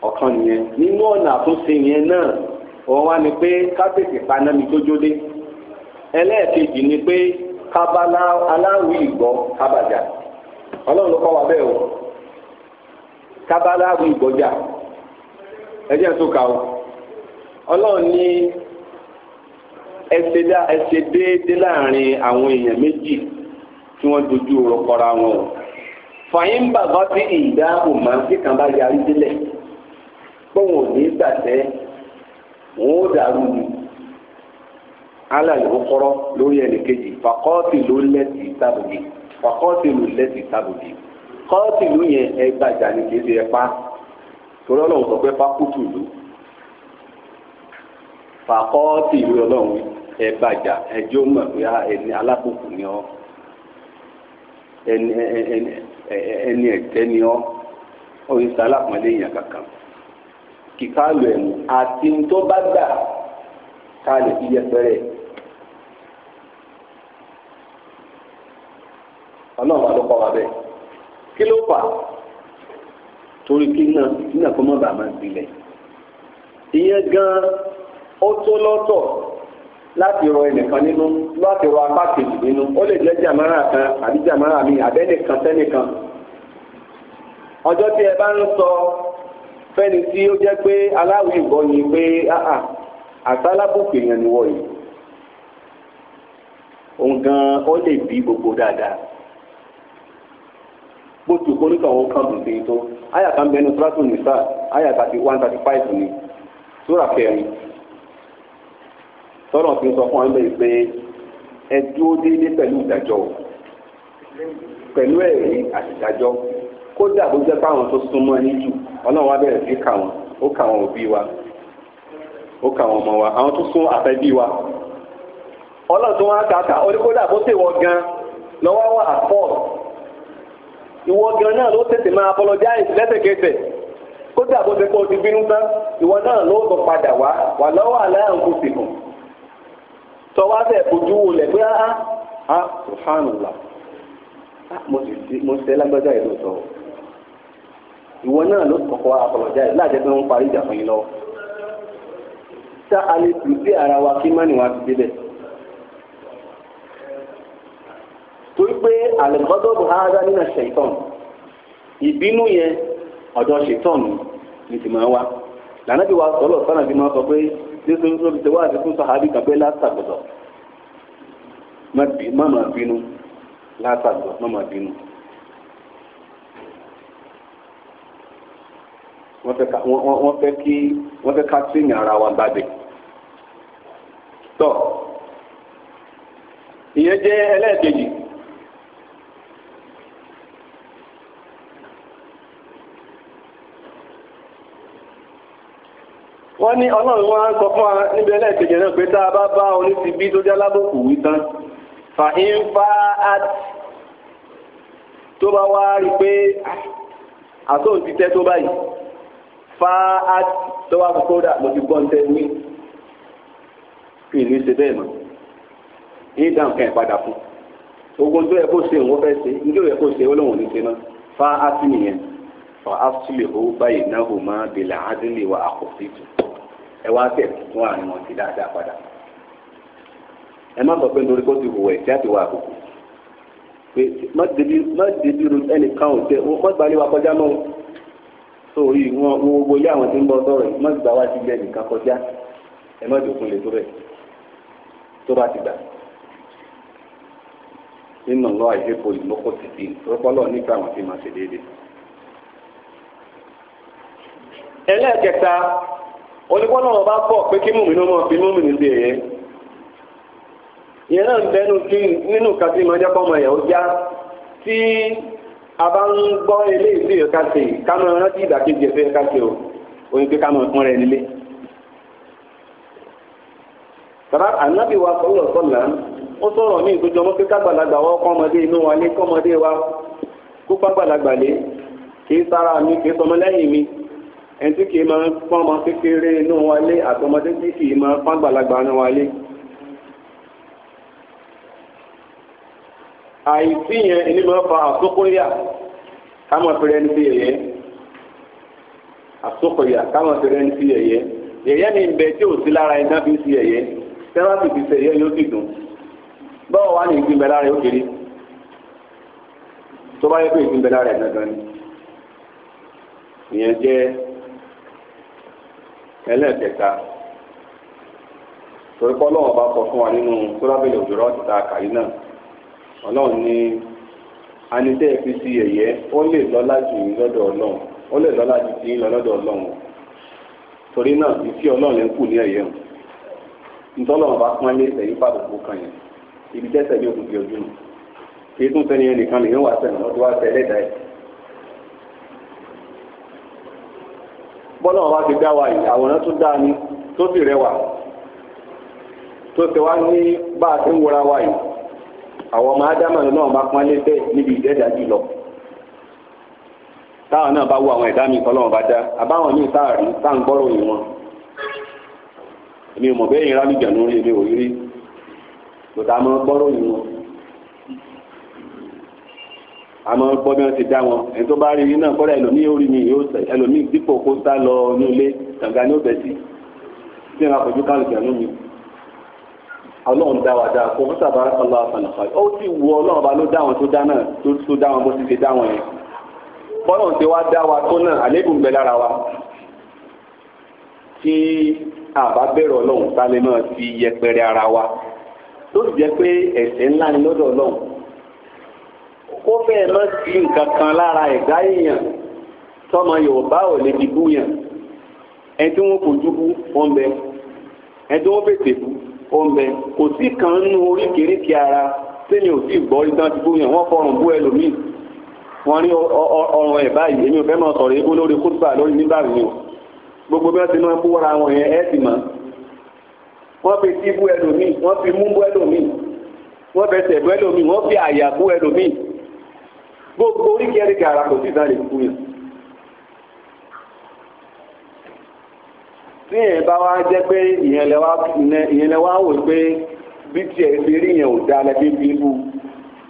ọ̀kan nìyẹn nínú ọ̀nà àtúnṣe yẹn náà òun wá ni pé kábíyèsí paná mi tó jóde ẹlẹ́ẹ̀kejì ni pé kábàlá aláwì ìgbọ́ kábàjá ọlọ́run ló kọ́ wa bẹ́ẹ̀ o kábàlá aláwì ìgbọ́jà ẹjẹ́ tó kà o ọlọ́run ní ẹsẹ̀ déédéé láàrin àwọn èèyàn méjì tí wọ́n dojú wọn ó dàrú ni alàlẹ́ ó lórí ẹnìkejì fàkọ́ọ̀tì ló lẹ́sì tábùgì ló ló yẹn ẹgbàjà ni kì í ṣe ẹ̀pá torí ọlọ́run sọ pé ló ló ẹgbàjà pé ẹni ni ẹni ni sálà kankan. kíkà lọ ẹ̀mú àti tó bá gbà ká lè fi yẹpẹrẹ. ọlọ́run wa ló kọ́ wa bẹ́ẹ̀ kí ló fà torí kí náà kí náà kó má bàa máa gbilẹ̀ ìyẹn gan ó tó lọ́tọ̀ láti rọ ẹnìkan nínú láti rọ apá kejì nínú ó lè jẹ́ jàmárà kan àbí jàmárà mi àbẹ́nìkan sẹ́nìkan ọjọ́ tí ẹ bá ń sọ. So, fẹ́ni tí ó jẹ́ pé aláwọ̀ ìbọn ni pé àtàlábùkù èèyàn ni wọ̀nyí òun gan ọ lè bí gbogbo dáadáa bó ti kó nítorí àwọn kan bùn sí tó àyà kan bẹnu tíráṣù nìsà àyà thirty one thirty five ni sóra kẹrin tọ́lọ̀ fi sọ fún wa lóye ẹ dúró déédéé pẹ̀lú ìdájọ́ pẹ̀lú ẹ̀rí àti ìdájọ́. kódà bó jẹ́ tó súnmọ́ ní jù ọlọ́run wá bẹ̀rẹ̀ sí kà ó wa ó kà ọmọ wa àwọn tó sún bí wa ọlọ́run tó wá kàkà ó ní kódà bó tè wọ́n gan lọ́wọ́ wà ìwọ gan náà ló tètè máa lẹ́sẹ̀kẹsẹ̀ kódà bó ti kó o ti bínú tán ìwọ náà ló padà wá lọ́wọ́ sì ìwọ náà ló kọ́kọ́ àpọ̀lọ́jà yìí láti ẹgbẹ́ wọn parí ìjà fún yín lọ́wọ́ tá a lè tù sí ara wa kí mọ́nì wa fi débẹ̀. torí pé àlẹ́kọ́tọ́ buhari nínú ṣèitán ìbínú yẹn ọ̀dọ̀ ṣèitán ni ti máa wá lànàbí wa sọ̀rọ̀ sọ́nà bí máa sọ pé jésù ń sọ́bi tẹ́wọ́ àti fún sàhábì kan pé látàgbọ̀dọ̀ má máa bínú látàgbọ̀ má máa bínú. wọ́n fẹ́ kí wọ́n fẹ́ ká tíyìn ara wa gbàgbẹ́. tọ́ ìyẹn jẹ́ ẹlẹ́ẹ̀kejì. wọ́n ní ọlọ́run wọn á sọ fún wa níbi ẹlẹ́ẹ̀kejì náà pé tá a bá bá oníṣibí tó jẹ́ alábòkù wí tán fàáhín fa at tó bá wá rí i pé ah, àtòǹtítẹ́ tó báyìí fáát lọ́wọ́ àkókò dà mo ti gbọ́ ń tẹ́ wí kí ni ṣe bẹ́ẹ̀ mọ́ yín dáhùn kẹ́ ẹ̀ padà fún ogun tó yẹ kó ṣe òun fẹ́ ṣe nígbà yẹ kó ṣe olóhùn ní ṣe náà fáát nìyẹn fa asile ho bayi nahu ma bila adili wa akositu ẹ wá tẹ fún àárín wọn ti dáadáa padà ẹ má sọ pé nítorí kó ti hùwẹ̀ tí a ti wà àbùkù pé má débi ro ẹnìkan ò tẹ má gbalẹ̀ wa kọjá náà. so wọn gbogbo ilé àwọn tí ń bọ́ sọ̀rọ̀ yìí mọ́tò gbà wá sí ilé kọjá ẹ mọ́tò fún lè tó bẹ̀ tó bá ti gbà nínú lọ àìsèpò ìmọ́kò títì rọ́pọ́lọ́ nípa àwọn tí máa ṣe déédéé. ẹlẹ́ẹ̀kẹta onípọ́nà ọba pọ̀ pé kí mùmínú mọ̀ fi mùmínú sí ẹ̀yẹ ìyẹn náà ń bẹnu nínú kàtí ìmọ̀jẹ́pọ̀ ọmọ ẹ̀yà ó já tí. aba ń gbọ́ eléyìí tí ẹ̀ka ṣe ká máa rántí ìdàkejì ẹ̀ tó yẹ o oyin pé ká máa fún rẹ̀ nílé. bàbá ànábì wa sọ̀rọ̀ sọ̀là ó sọ̀rọ̀ ní pé kágbàlagbà inú wa lé kọ́mọdé wa lé kì í sára mi kì í sọmọ lẹ́yìn mi ẹni tí kì í máa pọ́n ọmọ kékeré inú wa lé àtọmọdé tí àìsí yẹn ẹni máa fa àsókòyà káwọn fẹrẹ ní sí yẹyẹ àsókòyà káwọn fẹrẹ ní sí yẹyẹ yẹyẹ ni ìbẹ tí ò sí lára ẹ̀dá fi ń sí yẹyẹ tẹ́wọ́n ti fi ṣe yẹ yóò sì dùn báwo wá ní ìgbìmọ̀ lára yóò kiri tó bá yẹ kó ìgbìmọ̀ lára ẹ̀ dandan ni ìyẹn jẹ́ ẹlẹ́ẹ̀kẹta torí pé Ọlọ́run bá sọ fún wa nínú sórabẹ́lẹ̀ òjòrò ọ̀tí ta kàyí náà ọlọ́run ní anitẹ́ fi sí ẹ̀yẹ ó lè lọ́lá jù yín lọ́dọ̀ ọlọ́run ó lè lọ́lá jù yín lọ́dọ̀ ọlọ́run torí náà ìfí ọlọ́run lè ń kù ní ẹ̀yẹ o ntọ́lọ́run bá pọ́n lé ẹ̀yìn pàdé kó kàn yẹn ibi tẹ́sẹ̀ ní òkùnkùn ojú nù kí tún sẹ́ni yẹn nìkan nìyẹn wà sẹ́nu lọ́dún wá sẹ́ lẹ́dàá ẹ̀. bọ́lọ́run bá ti dá wa yìí àwòrán tó dáa ni tó sì rẹwà tó ti wá ní bá a ti ń wọra wa yìí àwọn ọmọ ádámà náà bá pọ́n lé bẹ́ẹ̀ níbi ìdẹ́dà jù lọ táwọn náà bá wo àwọn ẹ̀dá mi kọ́lọ́wọ́n bá dá àbáwọn míì sáàrí sáà ń gbọ́rọ̀ yìí wọn èmi ò mọ̀ bẹ́ẹ̀ yẹn rálùjànú rí èmi ò rí rí kò tá a máa gbọ́rọ̀ yìí wọn a máa gbọ́ bí wọ́n ti dá wọn ẹni tó bá rí rí náà kọ́ra ẹlòmíì ó rí mi yóò sẹ ẹlòmíì dípò kó sá lọ ní ilé ní òbẹ̀ tí wọ́n á fojú kálùjànú mi ọlọ́run dá wa dáa kó wọ́n sábà ọlọ́ àfàlàfà ó sì wọ ọlọ́run bá ló dá wọn tó dá náà tó dá wọn bó ti ṣe dá wọn yẹn bọ́lọ̀ ti wá dá wa tó náà àlébùn bẹ lára wa tí àbá bẹ̀rẹ̀ ọlọ́run sálẹ̀ náà ti yẹpẹrẹ ara wa tó sì jẹ́ pé ẹ̀ṣẹ̀ ńlá ni lọ́dọ̀ ọlọ́run kó fẹ́ẹ̀ má sí nǹkan kan lára ẹ̀dá èèyàn tọmọ Yorùbá ò lè dìbò yàn ẹni tí wọ́n kò dúbú wọ́n bẹ ẹni tí wọ́n fètè bú ọmọbẹ kò sí kan nínú oríkèéríkè ara sẹ́ni ò sí gbọ́ ìtàn ti bóyá wọ́n fọrùn bú ẹlòmíì wọ́n rí ọrùn ẹ̀ báyìí èmi ò fẹ́ máa sọ̀rọ̀ egbó lórí kúrúbà lórí nígbà mi o gbogbo bí wọ́n ti máa ń búra wọn yẹn ẹ́ sì mọ́ wọ́n fi tí bú ẹlòmíì wọ́n fi mú bú ẹlòmíì wọ́n fẹsẹ̀ bú ẹlòmíì wọ́n fi àyà bú ẹlòmíì gbogbo oríkèéríkè ara kò sí ìtàn lè fún yẹn tí yẹn bá wá jẹ́ pé ìyẹn lẹ wò pé bí tiẹ̀ fi rí yẹn ò lẹ́bí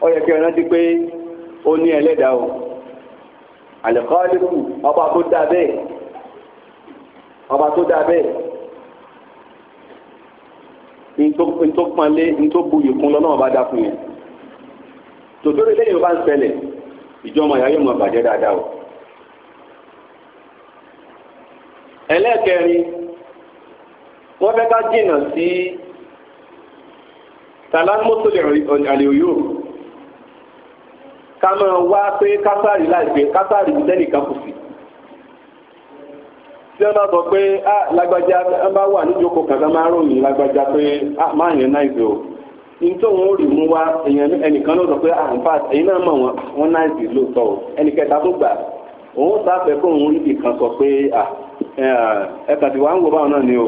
yẹ kí ẹ rántí pé ó ní ẹlẹ́dàá o àlẹ́kọ́ọ́lẹ́kù ọba tó dáa bẹ́ẹ̀ ọba tó dáa bẹ́ẹ̀ ntó pọnlé ntó buyì kún lọ́nà ọba dá fún yẹn lẹ́yìn ń ìjọba bàjẹ́ dáadáa o wọ́n fẹ́ ká jìnnà sí tàlámọ́tòlì àlèyò ká máa wá pé kásárì láìpẹ́ kásárì sẹ́nìkan kù tí wọ́n bá sọ pé ah, lágbájá wọ́n bá wà níjókòó kàkà máa ròyìn lágbájá pé ah, máa yẹn o nítorí òun ò rí mú wá ẹnìkan ló pé ah nfa náà wọn wọn o ẹnìkẹta tó gbà òun sáfẹ́ kó òun rí sọ pé ah wàá o.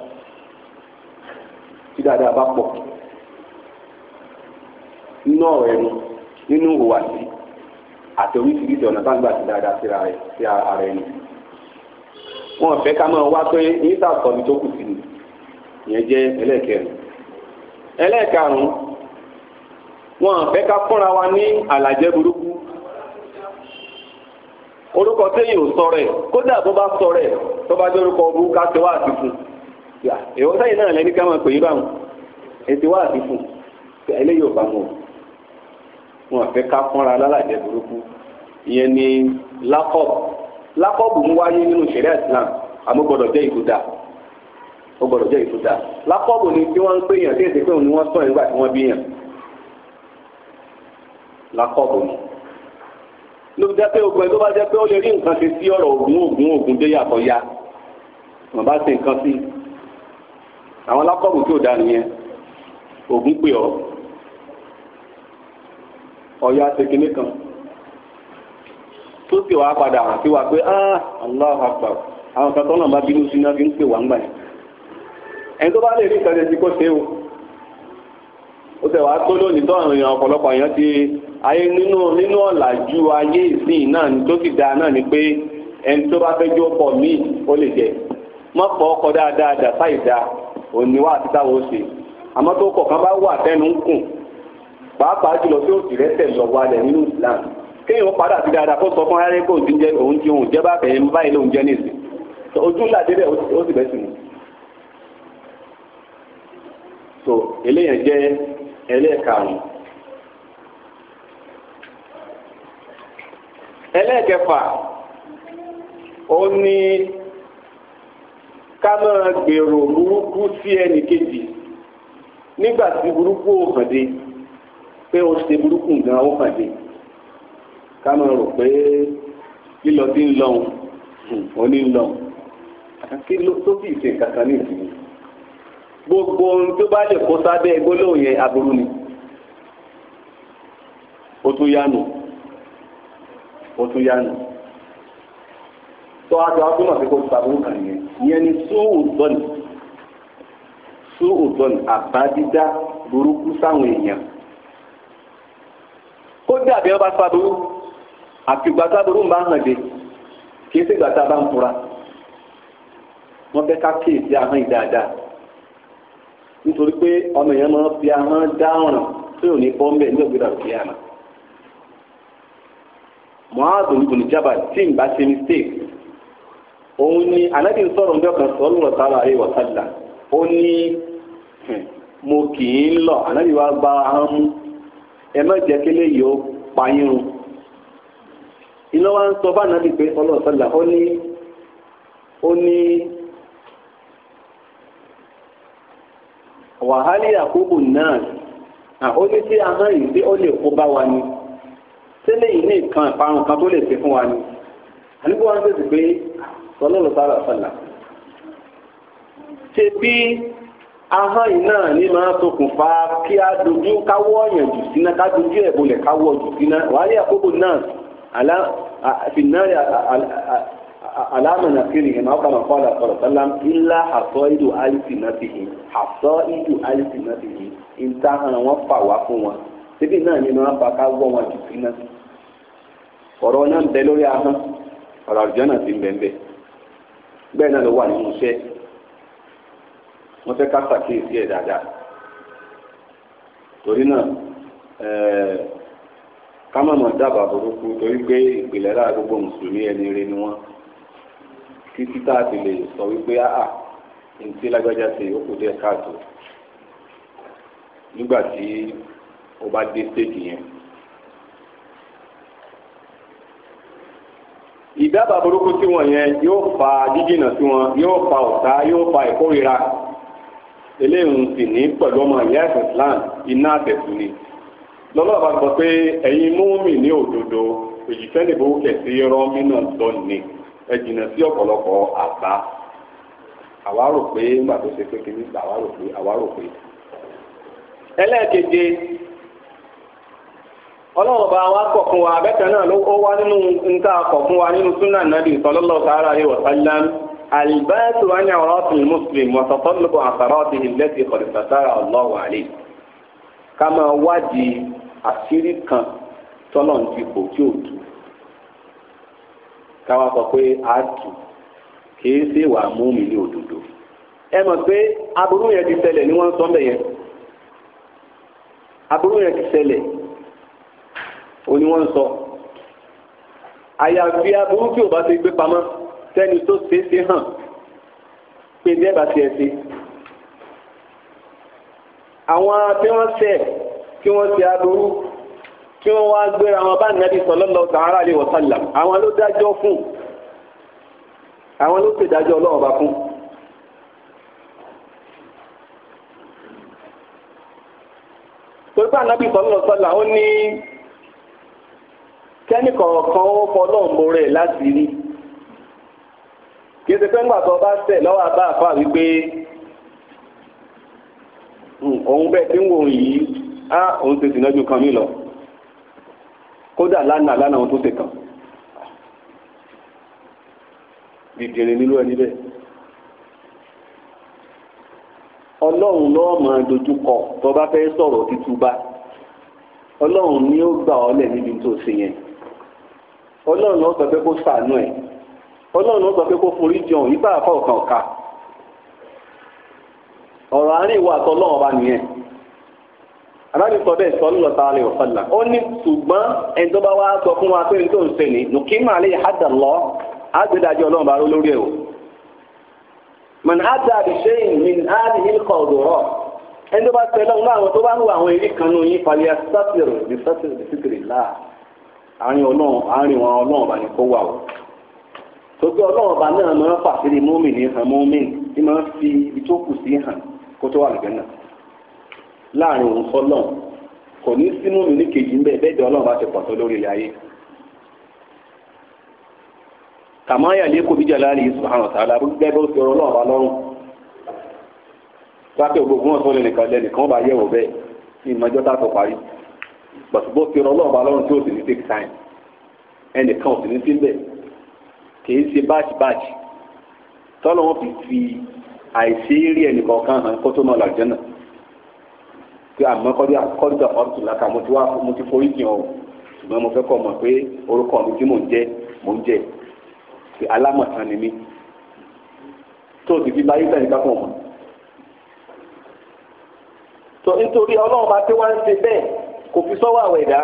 tí dáadáa bá pọ̀ nínú ọ̀rọ̀ ẹnu nínú ìhùwàsí àti oríṣiríṣi ọ̀nà tá ń gbà sí dáadáa sí ara ẹni wọn fẹ́ ká máa wá pé níta sọmi tó kù sí ni ìyẹn jẹ́ ẹlẹ́ẹ̀kẹrin ẹlẹ́ẹ̀karùn wọn fẹ́ ká fúnra wa ní àlàjẹ́ burúkú orúkọ téèyàn ò sọ rẹ̀ kódà bó bá sọ rẹ̀ tó bá jẹ́ orúkọ burúkú ká ṣe wá àti èèwọ̀ sáyẹn náà lẹ́ni ká máa pè é báwọn ètò wá àti fún eléyìí ò bá wọn o wọn fẹ́ ká fúnra lálàjẹ burúkú ìyẹn ni lákọ̀bù lákọ̀bù ń wáyé nínú ṣẹ̀ríà Islam àmọ́ gbọ́dọ̀ jẹ́ ìkúta ó gbọ́dọ̀ jẹ́ ìkúta lákọ̀bù ni tí wọ́n ń pè yàn tí èsì pé òun ni wọ́n sọ nígbà tí wọ́n bí yàn lákọ̀bù ni ló fi jẹ́ pé ogun ẹ̀ tó bá jẹ́ pé ó lè rí nǹkan ṣe sí ọ̀rọ̀ ògùn ògùn ògùn déyàtọ̀ ya wọn bá ṣe nǹkan sí i. àwọn tí ó dá nìyẹn ògún pè ọ ọ̀yà tẹkínní kan tó sì padà àti wà pé ah allah Akbar àwọn kan tọ́nà bá bínú sí náà ń pè wá ń gbà ẹni tó bá lè rí ìtọ́jú ti ṣe o ó tẹ̀ wá tó lónìí ayé nínú nínú ju ayé ìsìn náà tó sì náà ni pé ẹni tó bá fẹ́ jó pọ̀ míì ó lè òní wá àti táwọn ṣe àmọ́ tó kọ̀ọ̀kan bá wà tẹnu ń kùn pàápàá jùlọ tí ó sì rẹ́sẹ̀ lọ wálẹ̀ nínú Islam kéèyàn padà sí dáadáa kó sọ fún ayé kó ti jẹ òun ti òun jẹ bá bẹ̀rẹ̀ ń báyìí lóun jẹ nìsín ojú ńlá débẹ̀ ó sì bẹ́ sí mi. so eléyàn jẹ́ ẹlẹ́ẹ̀karùn-ún ẹlẹ́ẹ̀kẹfà ó ní ká máa gbèrò burúkú sí ẹnì kejì nígbà tí burúkú ò hàn dé pé ó ṣe burúkú gan ó hàn dé ká máa rò pé lílọ tí ń lọhùn òní ń lọhùn kí ló tó kì í ṣe ní ìsinmi gbogbo ohun tó bá lè kó sábẹ́ gbólóhùn yẹn aburú ni ó tún yánu ó tún yánu tó a jọ agbóhùn àti kó o sàbúrú kan yẹn ìyẹn ni sóòwò dọ́nì sóòwò dọ́nì àbádídá burúkú sáwọn èèyàn ó dàbí ọba sàbúrú àti gbàtà burú máa hàn dé kì í ṣe gbàtà bá ń fura wọ́n fẹ́ ká kéèsì ahọ́n ìdáadáa nítorí pé ọmọ èèyàn máa ń fi ahọ́n dá tí ò ní bọ́m̀bẹ̀ ní ògbéra òkè àná. Mu'adh ibn Jabal tí ń bá ṣe mistake òun ni anabi sọ̀rọ̀ níbẹ̀ kan sọ lọ́wọ́ sára ó ní mo kì í lọ wa gba ahọ́n mú ẹ jẹ́ kí wa ń sọ bá pé ó ní ó ní wàhálì àkókò náà ó ní ahọ́n yìí tí ó lè wa ni yìí kan tó lè ni àníkó ń sọlọ́run sára fàlà ṣe bí ahọ́n yìí náà ní máa ṣokùnfà kí a dojú káwọ́ ọ̀yàn jù síná ká dojú ẹ̀ bolẹ̀ káwọ́ jù síná wàhálì àkókò náà àlá fìnnáàrí alámọ̀nà kiri ìhìn ọkọ̀ máa kọ́lá sọ̀rọ̀ sọ́lá ńlá àsọ ìdù àìsì náà ti hìn àsọ ìdù àìsì náà ti hìn ìta hàn fà wá fún wọn síbí náà ní máa fa ká wọn jù síná ọ̀rọ̀ náà ń bẹ lórí ahọ́n ọ̀rọ̀ àrùjọ náà ti bẹ̀ ń bẹ̀. bẹ́ẹ̀ náà ló wà nínú iṣẹ́ wọ́n fẹ́ ká ṣàkíyèsí ẹ̀ dáadáa torí náà eh, ká má mọ̀ dábàá torí pé ìpìlẹ̀ gbogbo mùsùlùmí ẹni rẹ ni wọ́n títí tá a ti lè sọ wípé áà ntí lágbájá ṣe òkú díẹ̀ káàtó nígbà tí ó bá yẹn ìdábàá burúkú sí wọn yẹn yóò fa jíjìnà sí wọn yóò fa ọ̀tá yóò fa ìkórira eléyìí sì ní pẹ̀lú ọmọ ìyá ẹ̀sìn Islam iná àtẹ̀sùn ni lọ́lọ́ọ̀bá sọ pé ẹ̀yin múmi ní òdodo èyí fẹ́lẹ̀ bó kẹ̀sí rọ́mínà lọ ní ẹ jìnnà sí ọ̀pọ̀lọpọ̀ àbá àwa rò pé nígbà tó ṣe pé kìíní àwa rò pé àwa rò pé ẹlẹ́ẹ̀keje ọlọ́run bá wa kọ̀ fún wa ló wa nínú súnà nàbì wa sallam albáàtù ní ọ̀rọ̀ muslim wọ́n sọ̀tọ́ lóko àṣàrà ọ̀sìn ìlẹ́sìn kọ̀dùsàtàrà ọlọ́wọ̀ àlè ká máa wádìí àṣírí kan tọ́lọ̀ ń ti kò tí ò tù káwa sọ pé a tù kìí mú mi ní ẹ mọ̀ pé aburú yẹn ti ni wọ́n òní wọ́n ń sọ àyàfi aburú tí ò bá ti gbé pamọ́ sẹ́ni tó ṣe é ṣe hàn pé ní ẹ̀bà tiẹ̀ ṣe àwọn tí wọ́n ṣẹ̀ kí wọ́n ṣe aburú kí wọ́n wá gbéra wọn bá nàbí sallallahu ta'ala alaihi wa sallam àwọn ló dájọ́ fún àwọn ló ṣèdájọ́ ọlọ́ọ̀bá fún. torípa nàbí sallallahu ta'ala ó ní kẹ́nì kọ̀ọ̀kan ó fọlọ́run mo rẹ̀ láti rí kí ẹsẹ̀ pé ńgbà tó bá tẹ̀ lọ́wọ́ abá àfa wípé hmm, òun bẹ́ẹ̀ tí ń wò yìí á òun ti sìn lọ́jọ́ kan mí lọ kódà lánàá lánàá òun tó ṣe kàn dìdìrín nílò ẹni bẹ́ẹ̀ ọlọ́run lọ́ọ́ máa dojúkọ tó bá fẹ́ sọ̀rọ̀ títúbà ọlọ́run ni ó gbà ọ́ lẹ̀ níbi tó ṣe yẹn ọlọ́run náà sọ pé kó sàánú ẹ̀ ọlọ́run náà sọ pé kó forí jọun yìí bá àfọ̀ kan ká ọ̀rọ̀ àárín ìwà àtọ́lọ́run ọba nìyẹn alábi sọ bẹ́ẹ̀ sọ lọ ta alẹ́ ọ̀fọ̀là ó ní ṣùgbọ́n ẹni tó bá wá sọ fún wa pé ní tó ń ṣe ní nùkímà lè hàdà lọ àgbẹ̀dájọ́ ọlọ́run bá ró lórí ẹ̀ o mọ̀n hàdà àbíṣẹ́yìn mi ní àárí ìlkọ̀ ọ̀dọ̀rọ̀ ẹni tó bá tẹ lọ́run láwọn tó bá ń wà àwọn eré kan nù yín falẹ̀ sátìrì sátìrì sátìrì láà àárín ọlọ́run àárín wọn ọlọ́run ọba ni kó wà o tókè ọlọ́run ọba náà máa ń fàṣírí mọ́mìnì hàn mọ́mìnì tí máa ń fi ìtókù sí hàn kó tó wà lùgbẹ́ náà láàrin òun sọ́lọ́run kò ní sí mọ́mìnì kejì ń bẹ́ẹ̀ bẹ́ẹ̀ dẹ́ ọlọ́run bá ti lórí ayé kò bí jalali subhanahu wa gbẹ́ bó ti lọ́rùn ògbógun lẹ́nìkan lẹ́nìkan bá yẹ̀wò bẹ́ẹ̀ ní ìmọ̀jọ́ tá a tó parí. gbàtúgbò fi rọ lọ́ọ̀bà lọ́rùn tí ó sì ní take time ẹnìkan ò sì ní sí mbẹ kì í ṣe báàjì báàjì tọ́lọ́ wọn fi fi àìsí rí ẹnìkọ̀ọ̀kan hàn kó tó máa lọ àjẹ́ náà pé àmọ́ kọ́dí àkọ́dí ọ̀tún làkà mo ti wá mo ti forí jìn ọ́ ṣùgbọ́n mo fẹ́ kọ́ mọ̀ pé orúkọ mi tí mò ń jẹ́ mò ń jẹ́ pé alámọ̀tán ni mí tó o sì fi báyé sẹ́yìn kápọ̀ mọ́. tó nítorí ọlọ́run bá ti ń ṣe bẹ́ẹ̀ kò fi sọ́wọ́ àwẹ̀ dá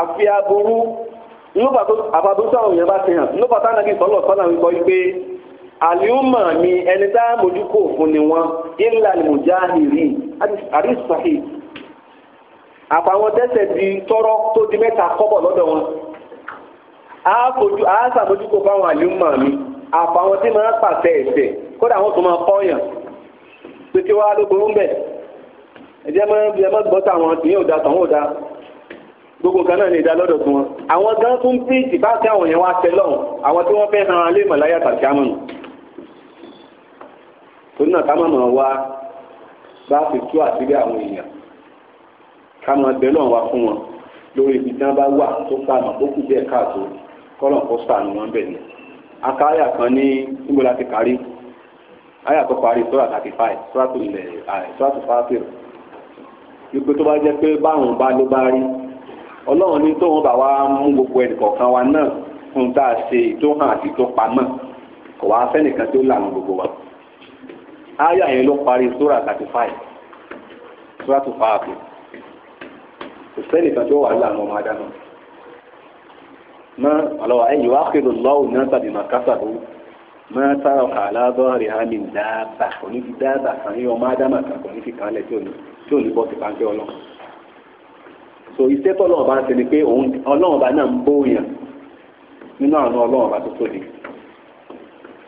àfi aburú nígbà tó àbábú sáwọn èèyàn bá ti hàn nígbà tá nàbí sọlọ sọlá wípọ wípé àlìhùmọ̀ ni ẹni tá a mójú kò fún ni wọn ilà ni mùjáhìrì àríṣàhì àfàwọn tẹsẹ̀ di tọrọ tó di mẹ́ta kọ́bọ̀ lọ́dọ̀ wọn a fojú a sàmójú kò fáwọn àlìhùmọ̀ mi àfàwọn tí máa ń pàṣẹ ẹ̀ṣẹ̀ kódà wọn tó máa kọ́yàn pé kí wàá lóko ń bẹ̀ ẹ̀jẹ̀ máa ń bí ẹ má gbọ́ táwọn tìyẹn ò da tọ̀hún ò da gbogbo nǹkan náà ní ìdá lọ́dọ̀ tí wọn. àwọn gan tún bí ìtìpá tí àwọn yẹn wá tẹ lọ́hùn àwọn tí wọ́n fẹ́ han alẹ́ ìmọ̀láyà tàbí àmọ̀nù. torí náà ká má máa wá bá fi tú àṣírí àwọn èèyàn ká máa bẹ lọ́hùn wá fún wọn lórí ibi tí wọ́n bá wà tó sàmà ó kù díẹ̀ káàtó kọ́lọ̀ kó sàmì wọn bẹ̀ ni. aka kan ní níbo la ti kárí tó parí sọ́ra thirty five sọ́ra wípé tó bá jẹ́ pé báwọn bá ló bá rí ọlọ́run ní tóun bá wá mú gbogbo ẹnìkọ̀ọ̀kan wa náà fún tá a ṣe tó hàn àti tó pamọ́ kò wá sẹ́nìkan tó lànà gbogbo wa áyà yẹn ló parí sóra thirty five sóra tó fa àpò kò sẹ́nìkan tó wà lànà ọmọ adáná náà ọlọ́wà ẹ̀yìn wá kéde lọ́wọ́ náà tàbí màkásà lóhùn máa sára ọ̀hálà bọ́ọ̀rì hàmì dáàbà kò ní fi dáàbà kan yí ọmọ ádámà kan kò ní fi kan lẹ̀ tí ò ní bọ́ sí pàǹpẹ́ ọlọ́run so iṣẹ́ tó ọlọ́run bá ń ṣe ni pé ọlọ́run bá náà ń bóyàn nínú àwọn ọlọ́run bá tó tóbi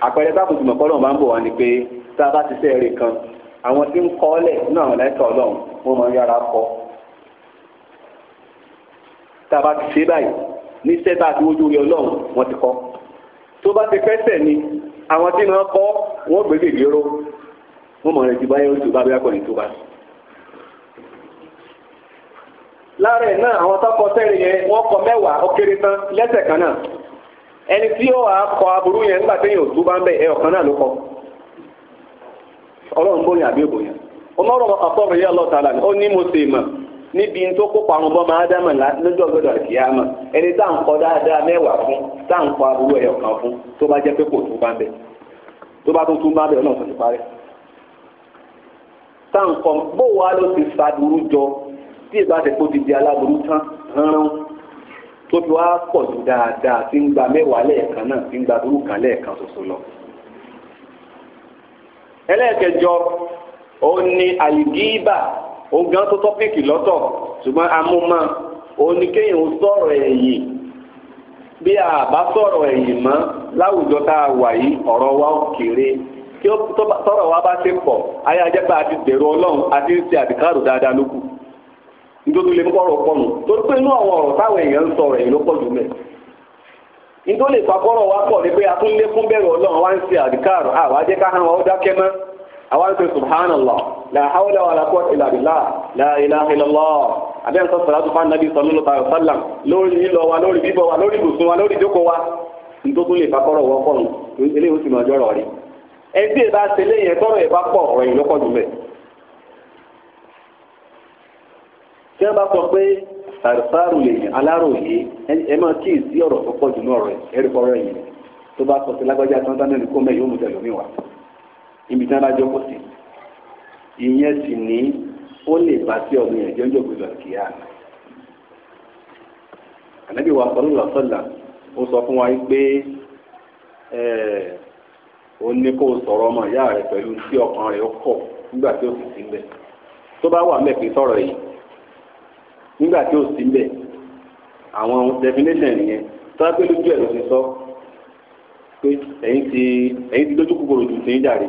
àpẹẹrẹ bá kùtùmọ̀ kọ́ ọlọ́run bá ń bò wá ni pé tá a bá ti sẹ́ẹ̀rì kan àwọn tí ń kọ́ ọ́lẹ̀ nínú àwọn ẹ̀ka ọlọ́run wọ́n máa ń yára kọ́ tá a bá ti ṣe báyìí ní sẹ́ta àti ojú rí ọlọ́run wọ́n ti kọ́ tó bá ti fẹ́ sẹ̀ ni àwọn tí wọ́n kọ́ wọ́n gbé lè lérò wọ́n mọ̀ rẹ̀ ti báyọ̀ tó bá bí akọ̀yìn tó bá. lára náà àwọn tọkọ sẹ́rin yẹn wọ́n kọ mẹ́wàá ó kéré tán lẹ́sẹ̀ kan náà ẹni tí ó wàá kọ aburú yẹn nígbà téèyàn ò tó bá ń kọ ọlọ́run bóyá àbí ọmọ ọ̀rọ̀ yẹ níbi tó kópa àwọn ọmọ ádámà lọ́jọ́ gbọ́dọ̀ àkíyàmà ẹni tá à ń kọ dáadáa mẹ́wàá fún tá à ń kọ aburú ẹ̀yọ̀ kan fún tó bá jẹ́ pé kò tún bá ń bẹ̀ tó bá tún tún bá ń bẹ̀ ọlọ́run tó ti parẹ́. tá à ń kọ bó wa ló ti fàdúrú jọ tí ìbá ti kó ti di aláburú tán rán tó fi wá pọ̀ jù dáadáa tí ń gba mẹ́wàá lẹ́ẹ̀kan náà tí ń gba burú kan lẹ́ẹ̀kan ṣoṣo lọ. ẹlẹ́ẹ̀kẹjọ òun ni àlìgíbà òun gan tó tọ́pìkì lọ́tọ̀ ṣùgbọ́n amúmọ́ òun ó sọ̀rọ̀ ẹ̀yìn bí a bá sọ̀rọ̀ ẹ̀yìn mọ́ láwùjọ tá a wà yìí ọ̀rọ̀ wa ó kéré tí tọ́rọ̀ wa bá ṣe pọ̀ ayé ajẹ́pẹ́ àti dèrò ọlọ́run àti ṣe àdìkárò dáadáa lókù nítorí lè kọ́rọ̀ pọ̀nù torí pé inú àwọn ọ̀rọ̀ táwọn èèyàn ń sọ̀rọ̀ ló pọ̀ jù wa pọ̀ ni pé a tún lékún bẹ̀rù ọlọ́run wá ń ṣe àdìkárò àwa jẹ́ ká hàn dákẹ́ àwọn àti subhanallah la hawla wala quwwata illa billah la ilaha illallah àbí àti sọ̀rọ̀ àti fún anabi sallallahu alaihi wasallam lórí lílọ wa lórí bíbọ̀ wa lórí ibùsùn wa lórí ìjókòó wa ntótó lè fakọ́rọ̀ wọ́ fọ́ọ̀nù eléyìí ó sì máa jọrọ̀ rí ẹbí ẹ bá ṣe léyìn ẹ tọrọ ẹ bá pọ̀ ọ̀rọ̀ yìí lọ́kọ̀ jùlọ tí wọn bá sọ pé sàrùsàrù lèyìn aláròyé ẹ máa kí ìsí ọ̀rọ̀ tó pọ̀ jù náà rẹ̀ ẹ̀rí kọ́rọ̀ tó bá sọ sí lágbájá tí wọ́n dáná ní kó mẹ́ yóò mú tẹ̀lómi wá ibi tí wọ́n bá jókòó sí ìyẹn sì ní ó lè bá sí ọmọ yẹn jọjọ gbèlò kíá ànábì wa sọlọ lọsọlá ó sọ fún wa pé ó ní kó o sọ̀rọ̀ ọmọ ìyá rẹ pẹ̀lú tí ọkàn rẹ ó kọ̀ nígbà tí ó sì sí mbẹ̀ tó bá wà mẹpẹ sọ̀rọ̀ yìí nígbà tí ó sí mbẹ̀ àwọn definition yẹn tọ́lápẹ́ lójú ẹ̀ ló ti sọ pé ẹ̀yin ti ẹ̀yin ti lójú kúkúrò ju ti ń jàre.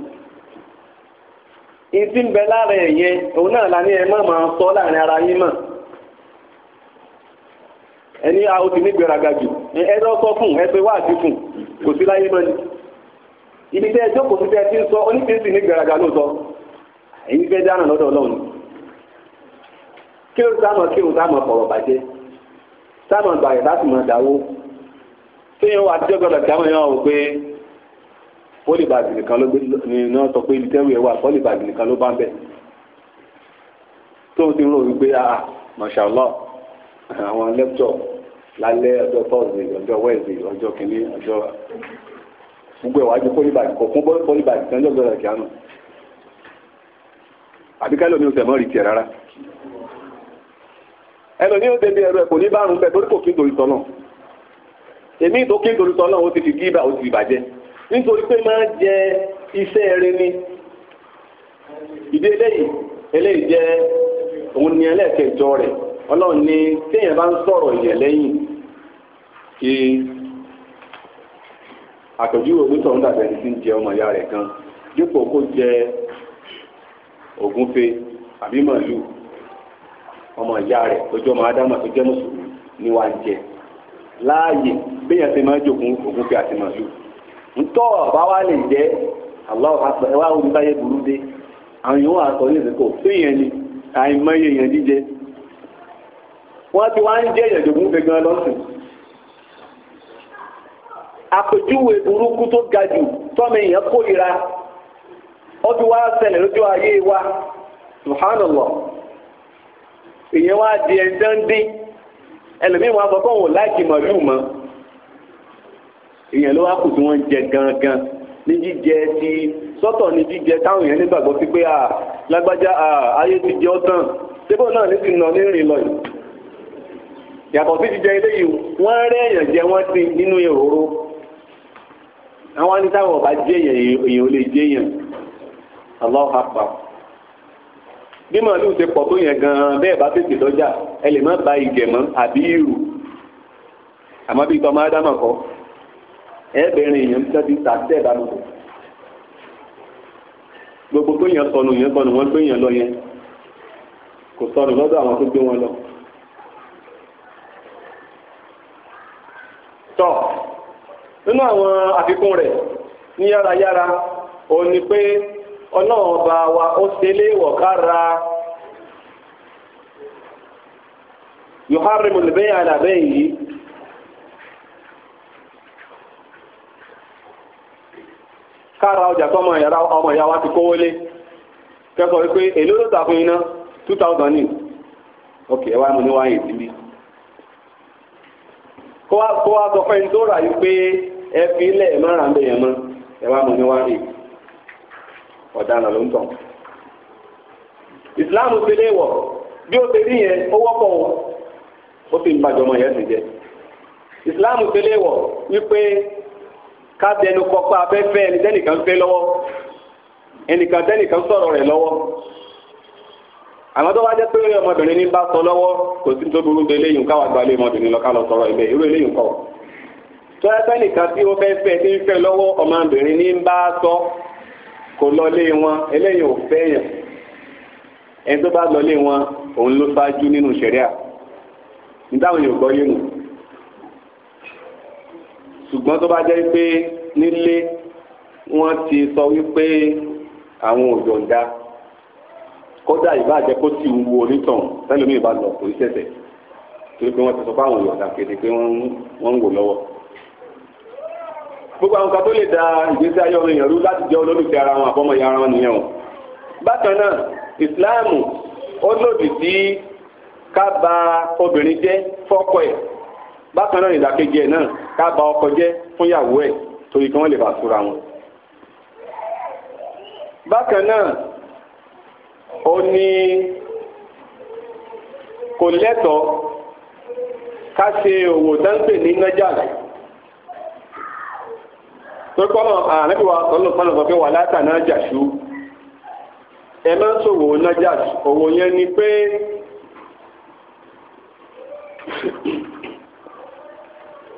ìdí ń bẹ lára ẹ̀ la ní ma ma sọ láàrin ara yín mọ̀ ẹni a ó ti ní gbéraga jù ẹ lọ fún kò sí láyé ibi tẹ́ ẹ jókòó sí tẹ́ ti ń sọ oníṣẹ́sì ní lóòótọ́ èyí fẹ́ dáná lọ́dọ̀ ọlọ́run kí ló sáàmọ̀ kí sáàmọ̀ fọ̀rọ̀ bàjẹ́ sáàmọ̀ gbàyẹ̀ láti mọ̀ dáwó wà kí wò pólìbàgì nìkan ló gbé ní náà sọ pé ìtẹ́rù ẹ̀ wà pólìbàgì nìkan ló bá ń bẹ̀ tó ti rò wípé àà ah, ah, mọ̀ṣálọ́ àwọn lẹ́pítọ̀ lálẹ́ ọjọ́ tọ́sí ọjọ́ wẹ́ẹ̀sì ọjọ́ kìíní ọjọ́ gbogbo ìwájú pólìbàgì kò fún pólìbàgì tán lọ́jọ́ rẹ̀ kíánù àbíkálẹ̀ omi ò tẹ̀mọ́ rí tiẹ̀ rárá ẹlòmí ó débi ẹ̀rọ ẹ̀kọ́ ní bárùn-ún bẹ́ẹ̀ torí kò kí n torí tọ́ náà èmi tó kí n torí tọ́ náà ó ti fi gíbà ó ti fi bàjẹ́ nítorí pé máa jẹ iṣẹ́ rẹ ni ìdí eléyìí eléyìí jẹ òun ni ẹlẹ́ẹ̀kẹjọ rẹ̀ ọlọ́run ní téèyàn bá ń sọ̀rọ̀ ìyẹn lẹ́yìn kí àpèjúwe onítọ̀ ń dàbẹ̀ ní ti ń jẹ ọmọ ìyá rẹ̀ kan dípò kó jẹ ògúnfe àbí màálù ọmọ ìyá rẹ̀ tó jẹ́ ọmọ ádámà tó jẹ́ mùsùlùmí ni wàá jẹ láàyè béèyàn ti máa ń jòkun ògúnfe àti màálù ntọ́ ọ̀bá wa lè jẹ́ aláwọ̀ àpẹ ẹ wá burú dé àwọn yòówù àtọ̀ ní ìsìnkú fún ìyẹn ni àìmọye èèyàn jíjẹ wọ́n ti wá ń jẹ́ èèyàn jògún gbẹ̀gbẹ̀ àpèjúwe burúkú tó ga jù tọ́mọ èèyàn kórìíra ó ti wá wa subhanallah èèyàn wá di wọn láìkì èèyàn ló wá kù tí wọ́n ń jẹ gangan ní jíjẹ ti sọ́tọ̀ ní jíjẹ táwọn èèyàn nígbàgbọ́ sí pé lágbájá ayé ti jẹ́ ọ́ tán síbò náà ní ti nà nírìn lọ yìí yàtọ̀ sí jíjẹ eléyìí wọ́n rẹ́ èèyàn jẹ wọ́n ti nínú ìhòòhò àwọn ní táwọn ọba jẹ èèyàn èèyàn ò lè jẹ èèyàn Allahu Akbar bí màálù ṣe pọ̀ tó yẹn gan-an bẹ́ẹ̀ bá tètè lọ́jà ẹ lè má ba ìgẹ̀mọ́ àbí ìrù àmọ́ bí tọmọ ádámà kọ́ ẹ̀ẹ́bẹ̀rin èèyàn tẹ́bi tàṣẹ́ ìbálòpọ̀ gbogbo pé èèyàn sọnù èèyàn sọnù wọ́n gbé èèyàn lọ yẹn kò sọnù lọ́dọ̀ àwọn tó gbé wọn lọ. tọ́ nínú àwọn àfikún rẹ̀ ní yárayára òun ni pé ọlọ́run ọba wa ó ṣe léèwọ̀ kára yòhárìmù lè bẹ́yà yìí. kára ọjà tó ọmọ ìyá ti kówó lé kẹ́kọ̀ọ́ wípé èló ló iná two ok ẹ mú ní wáyé ìdílé kó wá sọ fẹ́ni tó rà pé ẹ fi ilẹ̀ ẹ̀ ń bẹ̀yẹ̀ mọ́ ẹ mú ló ń ìsìláàmù ti lé wọ̀ bí ó ti rí yẹn ó wọ́pọ̀ káàbí ẹnu kọpá abẹ́fẹ́ ẹni tẹ́nìkan fẹ́ lọ́wọ́ ẹnìkan tẹ́nìkan sọ̀rọ̀ rẹ̀ lọ́wọ́ àmọ́ tó bá jẹ́ pé eré ọmọbìnrin ní bá sọ lọ́wọ́ kò sí tó burú bẹ eléyìí káwá gba ilé ọmọbìnrin lọ ká lọ sọ̀rọ̀ ibẹ̀ irú eléyìí kọ̀ tó yẹ fẹ́ nìkan tí ó fẹ́ fẹ́ tí ń fẹ́ lọ́wọ́ ọmọbìnrin ní bá sọ kò lọlé wọn eléyìí ò fẹ́ yàn ẹni tó bá lọlé wọn òun ló ṣáájú nínú ṣẹ̀ríà nítawọn yóò gbọ́ yé nù ṣùgbọ́n tó bá jẹ́ pé nílé wọ́n ti sọ wípé àwọn òjò ń dá kódà ìbàjẹ́ kó sì wu onítàn tẹ́lẹ̀mí ìbá lọ kò ṣẹ̀ṣẹ̀ torí pé wọ́n ti sọ fáwọn ìyọ̀dà kéde pé wọ́n ń wò lọ́wọ́. gbogbo àwọn kan tó lè da ìgbésí ayé ọmọ èèyàn rú láti jẹ́ olólùfẹ́ ara wọn àbọ́mọ ìyá ara wọn nìyẹn o. bákan náà ìsìláàmù ó lòdì sí ká bà obìnrin jẹ́ fọ́kọ ẹ̀ bákan náà ìdàkejì ẹ̀ náà ká ba ọkọ jẹ́ fún ìyàwó ẹ̀ torí kí wọ́n lè bá fúra wọn. bákan náà ó ní kò lẹ́tọ̀ọ́ ká ṣe òwò dáńpè ní nájà torí kọ́nà ànábì wa sọ́nà sọ́nà wà látàná jàṣú ẹ máa ń ṣòwò nájà òwò yẹn ni pé.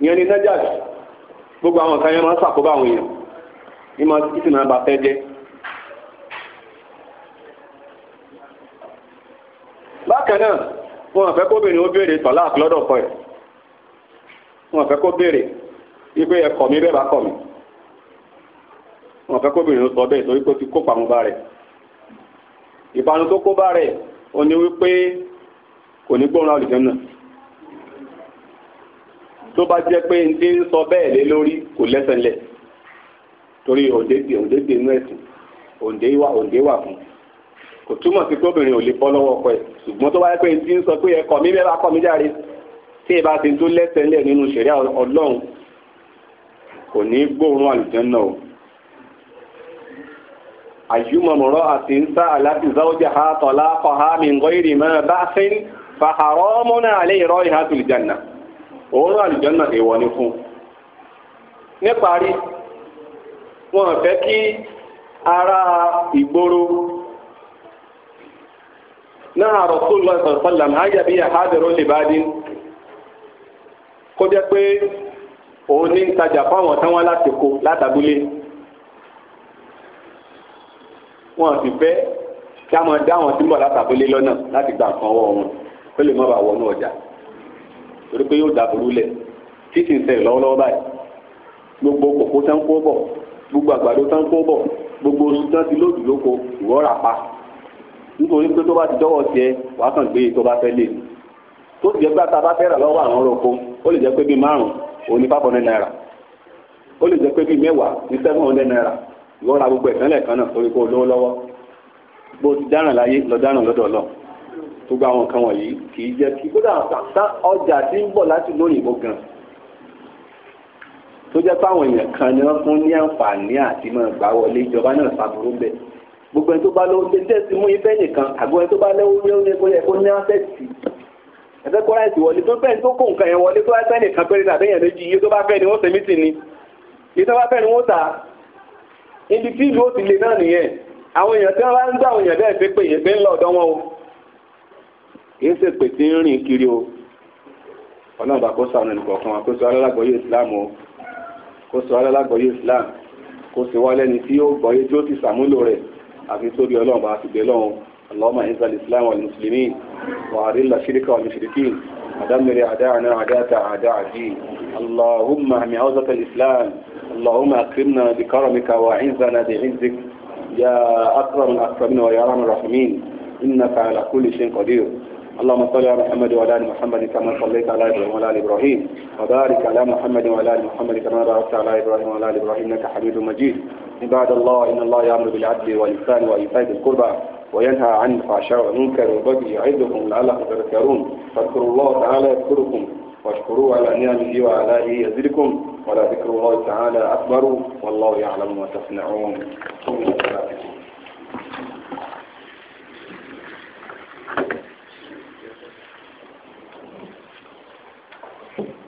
ìyẹn ni nájàdì gbogbo àwọn nǹkan yẹn máa ń ṣàkóbá àwọn èèyàn ní máa ti tìǹà bá fẹ́ jẹ́. bákan náà wọn àfẹ́ kó béèrè ó béèrè tọ́lá lọ́dọ̀ ọkọ ẹ̀ wọn àfẹ́ kó béèrè wípé ẹ̀kọ́ mi bẹ́ẹ̀ bá kọ̀ mí wọn àfẹ́ kó béèrè ó sọ bẹ́ẹ̀ torí pé ó ti kópa àwọn bá rẹ̀ ìbánu tó kó bá rẹ̀ ó ní wípé kò ní gbóhùn láwùjọ náà tó bá jẹ́ pé n ti ń sọ bẹ́ẹ̀ lé lórí kò lẹ́sẹ̀lẹ̀ torí òǹdé di òǹdé di inú ẹ̀sìn òǹdé wà òǹdé wà fún kò túmọ̀ sí pé obìnrin ò lè bọ́ lọ́wọ́ ọkọ ẹ̀ ṣùgbọ́n tó bá jẹ́ pé n ti ń sọ pé ẹ̀kọ́ mi bẹ́ẹ̀ bá kọ́ mi járe tí ẹ bá ti tó lẹ́sẹ̀lẹ̀ nínú ṣẹ̀ríà Ọlọ́run kò ní gbóòórùn àlùjànnà o àyùmọ̀mọ̀rọ̀ àti ń aláti záwọ́jà ha tọ̀lá kọ̀ ha mi ń bá fẹ́ fàhàrọ́ mọ́nà àlẹ́ ìrọ́ ìhàtùlìjànà òórùn àlùjànnà èèwọ̀ ni fún un níparí wọn fẹ́ kí ara ìgboro náà Rasulullah sallallahu alaihi wasallam ayàbí àhádẹ́rọ́ lè bá dín kó jẹ́ pé òun ní ń tajà fáwọn táwọn láti kó látàbúlé wọn fi fẹ́ kí a máa dá àwọn tí ń bọ̀ látàbúlé lọ́nà láti gbà kan wọ́ wọn kó lè má bàa wọnú ọjà. torí pé yóò dàbúrú lẹ̀ títí ń sẹ̀ lọ́wọ́lọ́wọ́ báyìí gbogbo kòkó tán kó bọ gbogbo àgbàdo tán kó gbogbo oṣù tán ti lóòdù lóko ìwọ́ra pa nítorí pé tó bá ti dọ́wọ́ tiẹ̀ wàá kàn gbé e tó bá fẹ́ lè tó ti jẹ́ pé àtàbá fẹ́ rà lọ́wọ́ àwọn ọlọ́kọ ó lè jẹ́ pé bíi márùn ní ó lè pé bíi ní gbogbo lọ dáràn lọ́dọ̀ gbogbo àwọn nǹkan wọ̀nyí kì í jẹ́ kí kódà àtà ọjà tí ń bọ̀ láti lóyìnbó gan tó jẹ́ pé àwọn èèyàn kan ni wọ́n fún ní àǹfààní àti máa gbà wọlé ìjọba náà sábúrú bẹ́ẹ̀ gbogbo ẹni tó bá lówó ṣe tẹ́sí mú ibẹ̀ nìkan àgọ́ ẹni tó bá lówó ní oúnjẹ kó yẹ kó ní ásẹ̀tì ẹ̀fẹ́ kó láìsí wọlé tó bẹ́ẹ̀ tó kó nǹkan yẹn wọlé tó bá nìkan péré tàbí èèyàn méjì iye tó bá fẹ́ ni wọ́n ṣe mí tì ní iye tó bá fẹ́ ni wọ́n tà ibi tí ìlú ó ti le náà nìyẹn àwọn èèyàn tí wọ́n bá ń dá àwọn èèyàn bẹ́ẹ̀ pé pé èèyàn gbé ń lọ ọ̀dọ̀ wọn o kìí ṣe pè tí ń rìn kiri o ọlọ́run bá kó sànù nìkọ̀ọ̀kan wa kó sọ alálàgbọ́yé islam o kó sọ alálàgbọ́yé islam kó sì wá lẹ́ni tí yóò gbọ́yé tí ó ti sàmúlò rẹ̀ àfi tóbi ọlọ́run bá ti gbé lọ́hùn اللهم اعز الاسلام والمسلمين واذل الشرك والمشركين ودمر اعداءنا اعداءك اعداء الدين اللهم اعم عوزة الاسلام اللهم اكرمنا بكرمك واعزنا بعزك يا اكرم الاكرمين ويا ارحم الراحمين انك على كل شيء قدير اللهم صل على محمد وعلى ال محمد كما صليت على ابراهيم وعلى ال ابراهيم وبارك على محمد وعلى ال محمد كما باركت على ابراهيم وعلى ال ابراهيم انك حميد مجيد عباد الله ان الله يامر بالعدل والاحسان وايتاء ذي القربى وينهى عن الفحشاء والمنكر والبغي يعظكم لعلكم تذكرون فاذكروا الله تعالى يذكركم واشكروه على نعمه وآلائه يزدكم ولا ذكر الله تعالى اكبر والله يعلم ما تصنعون Thank you.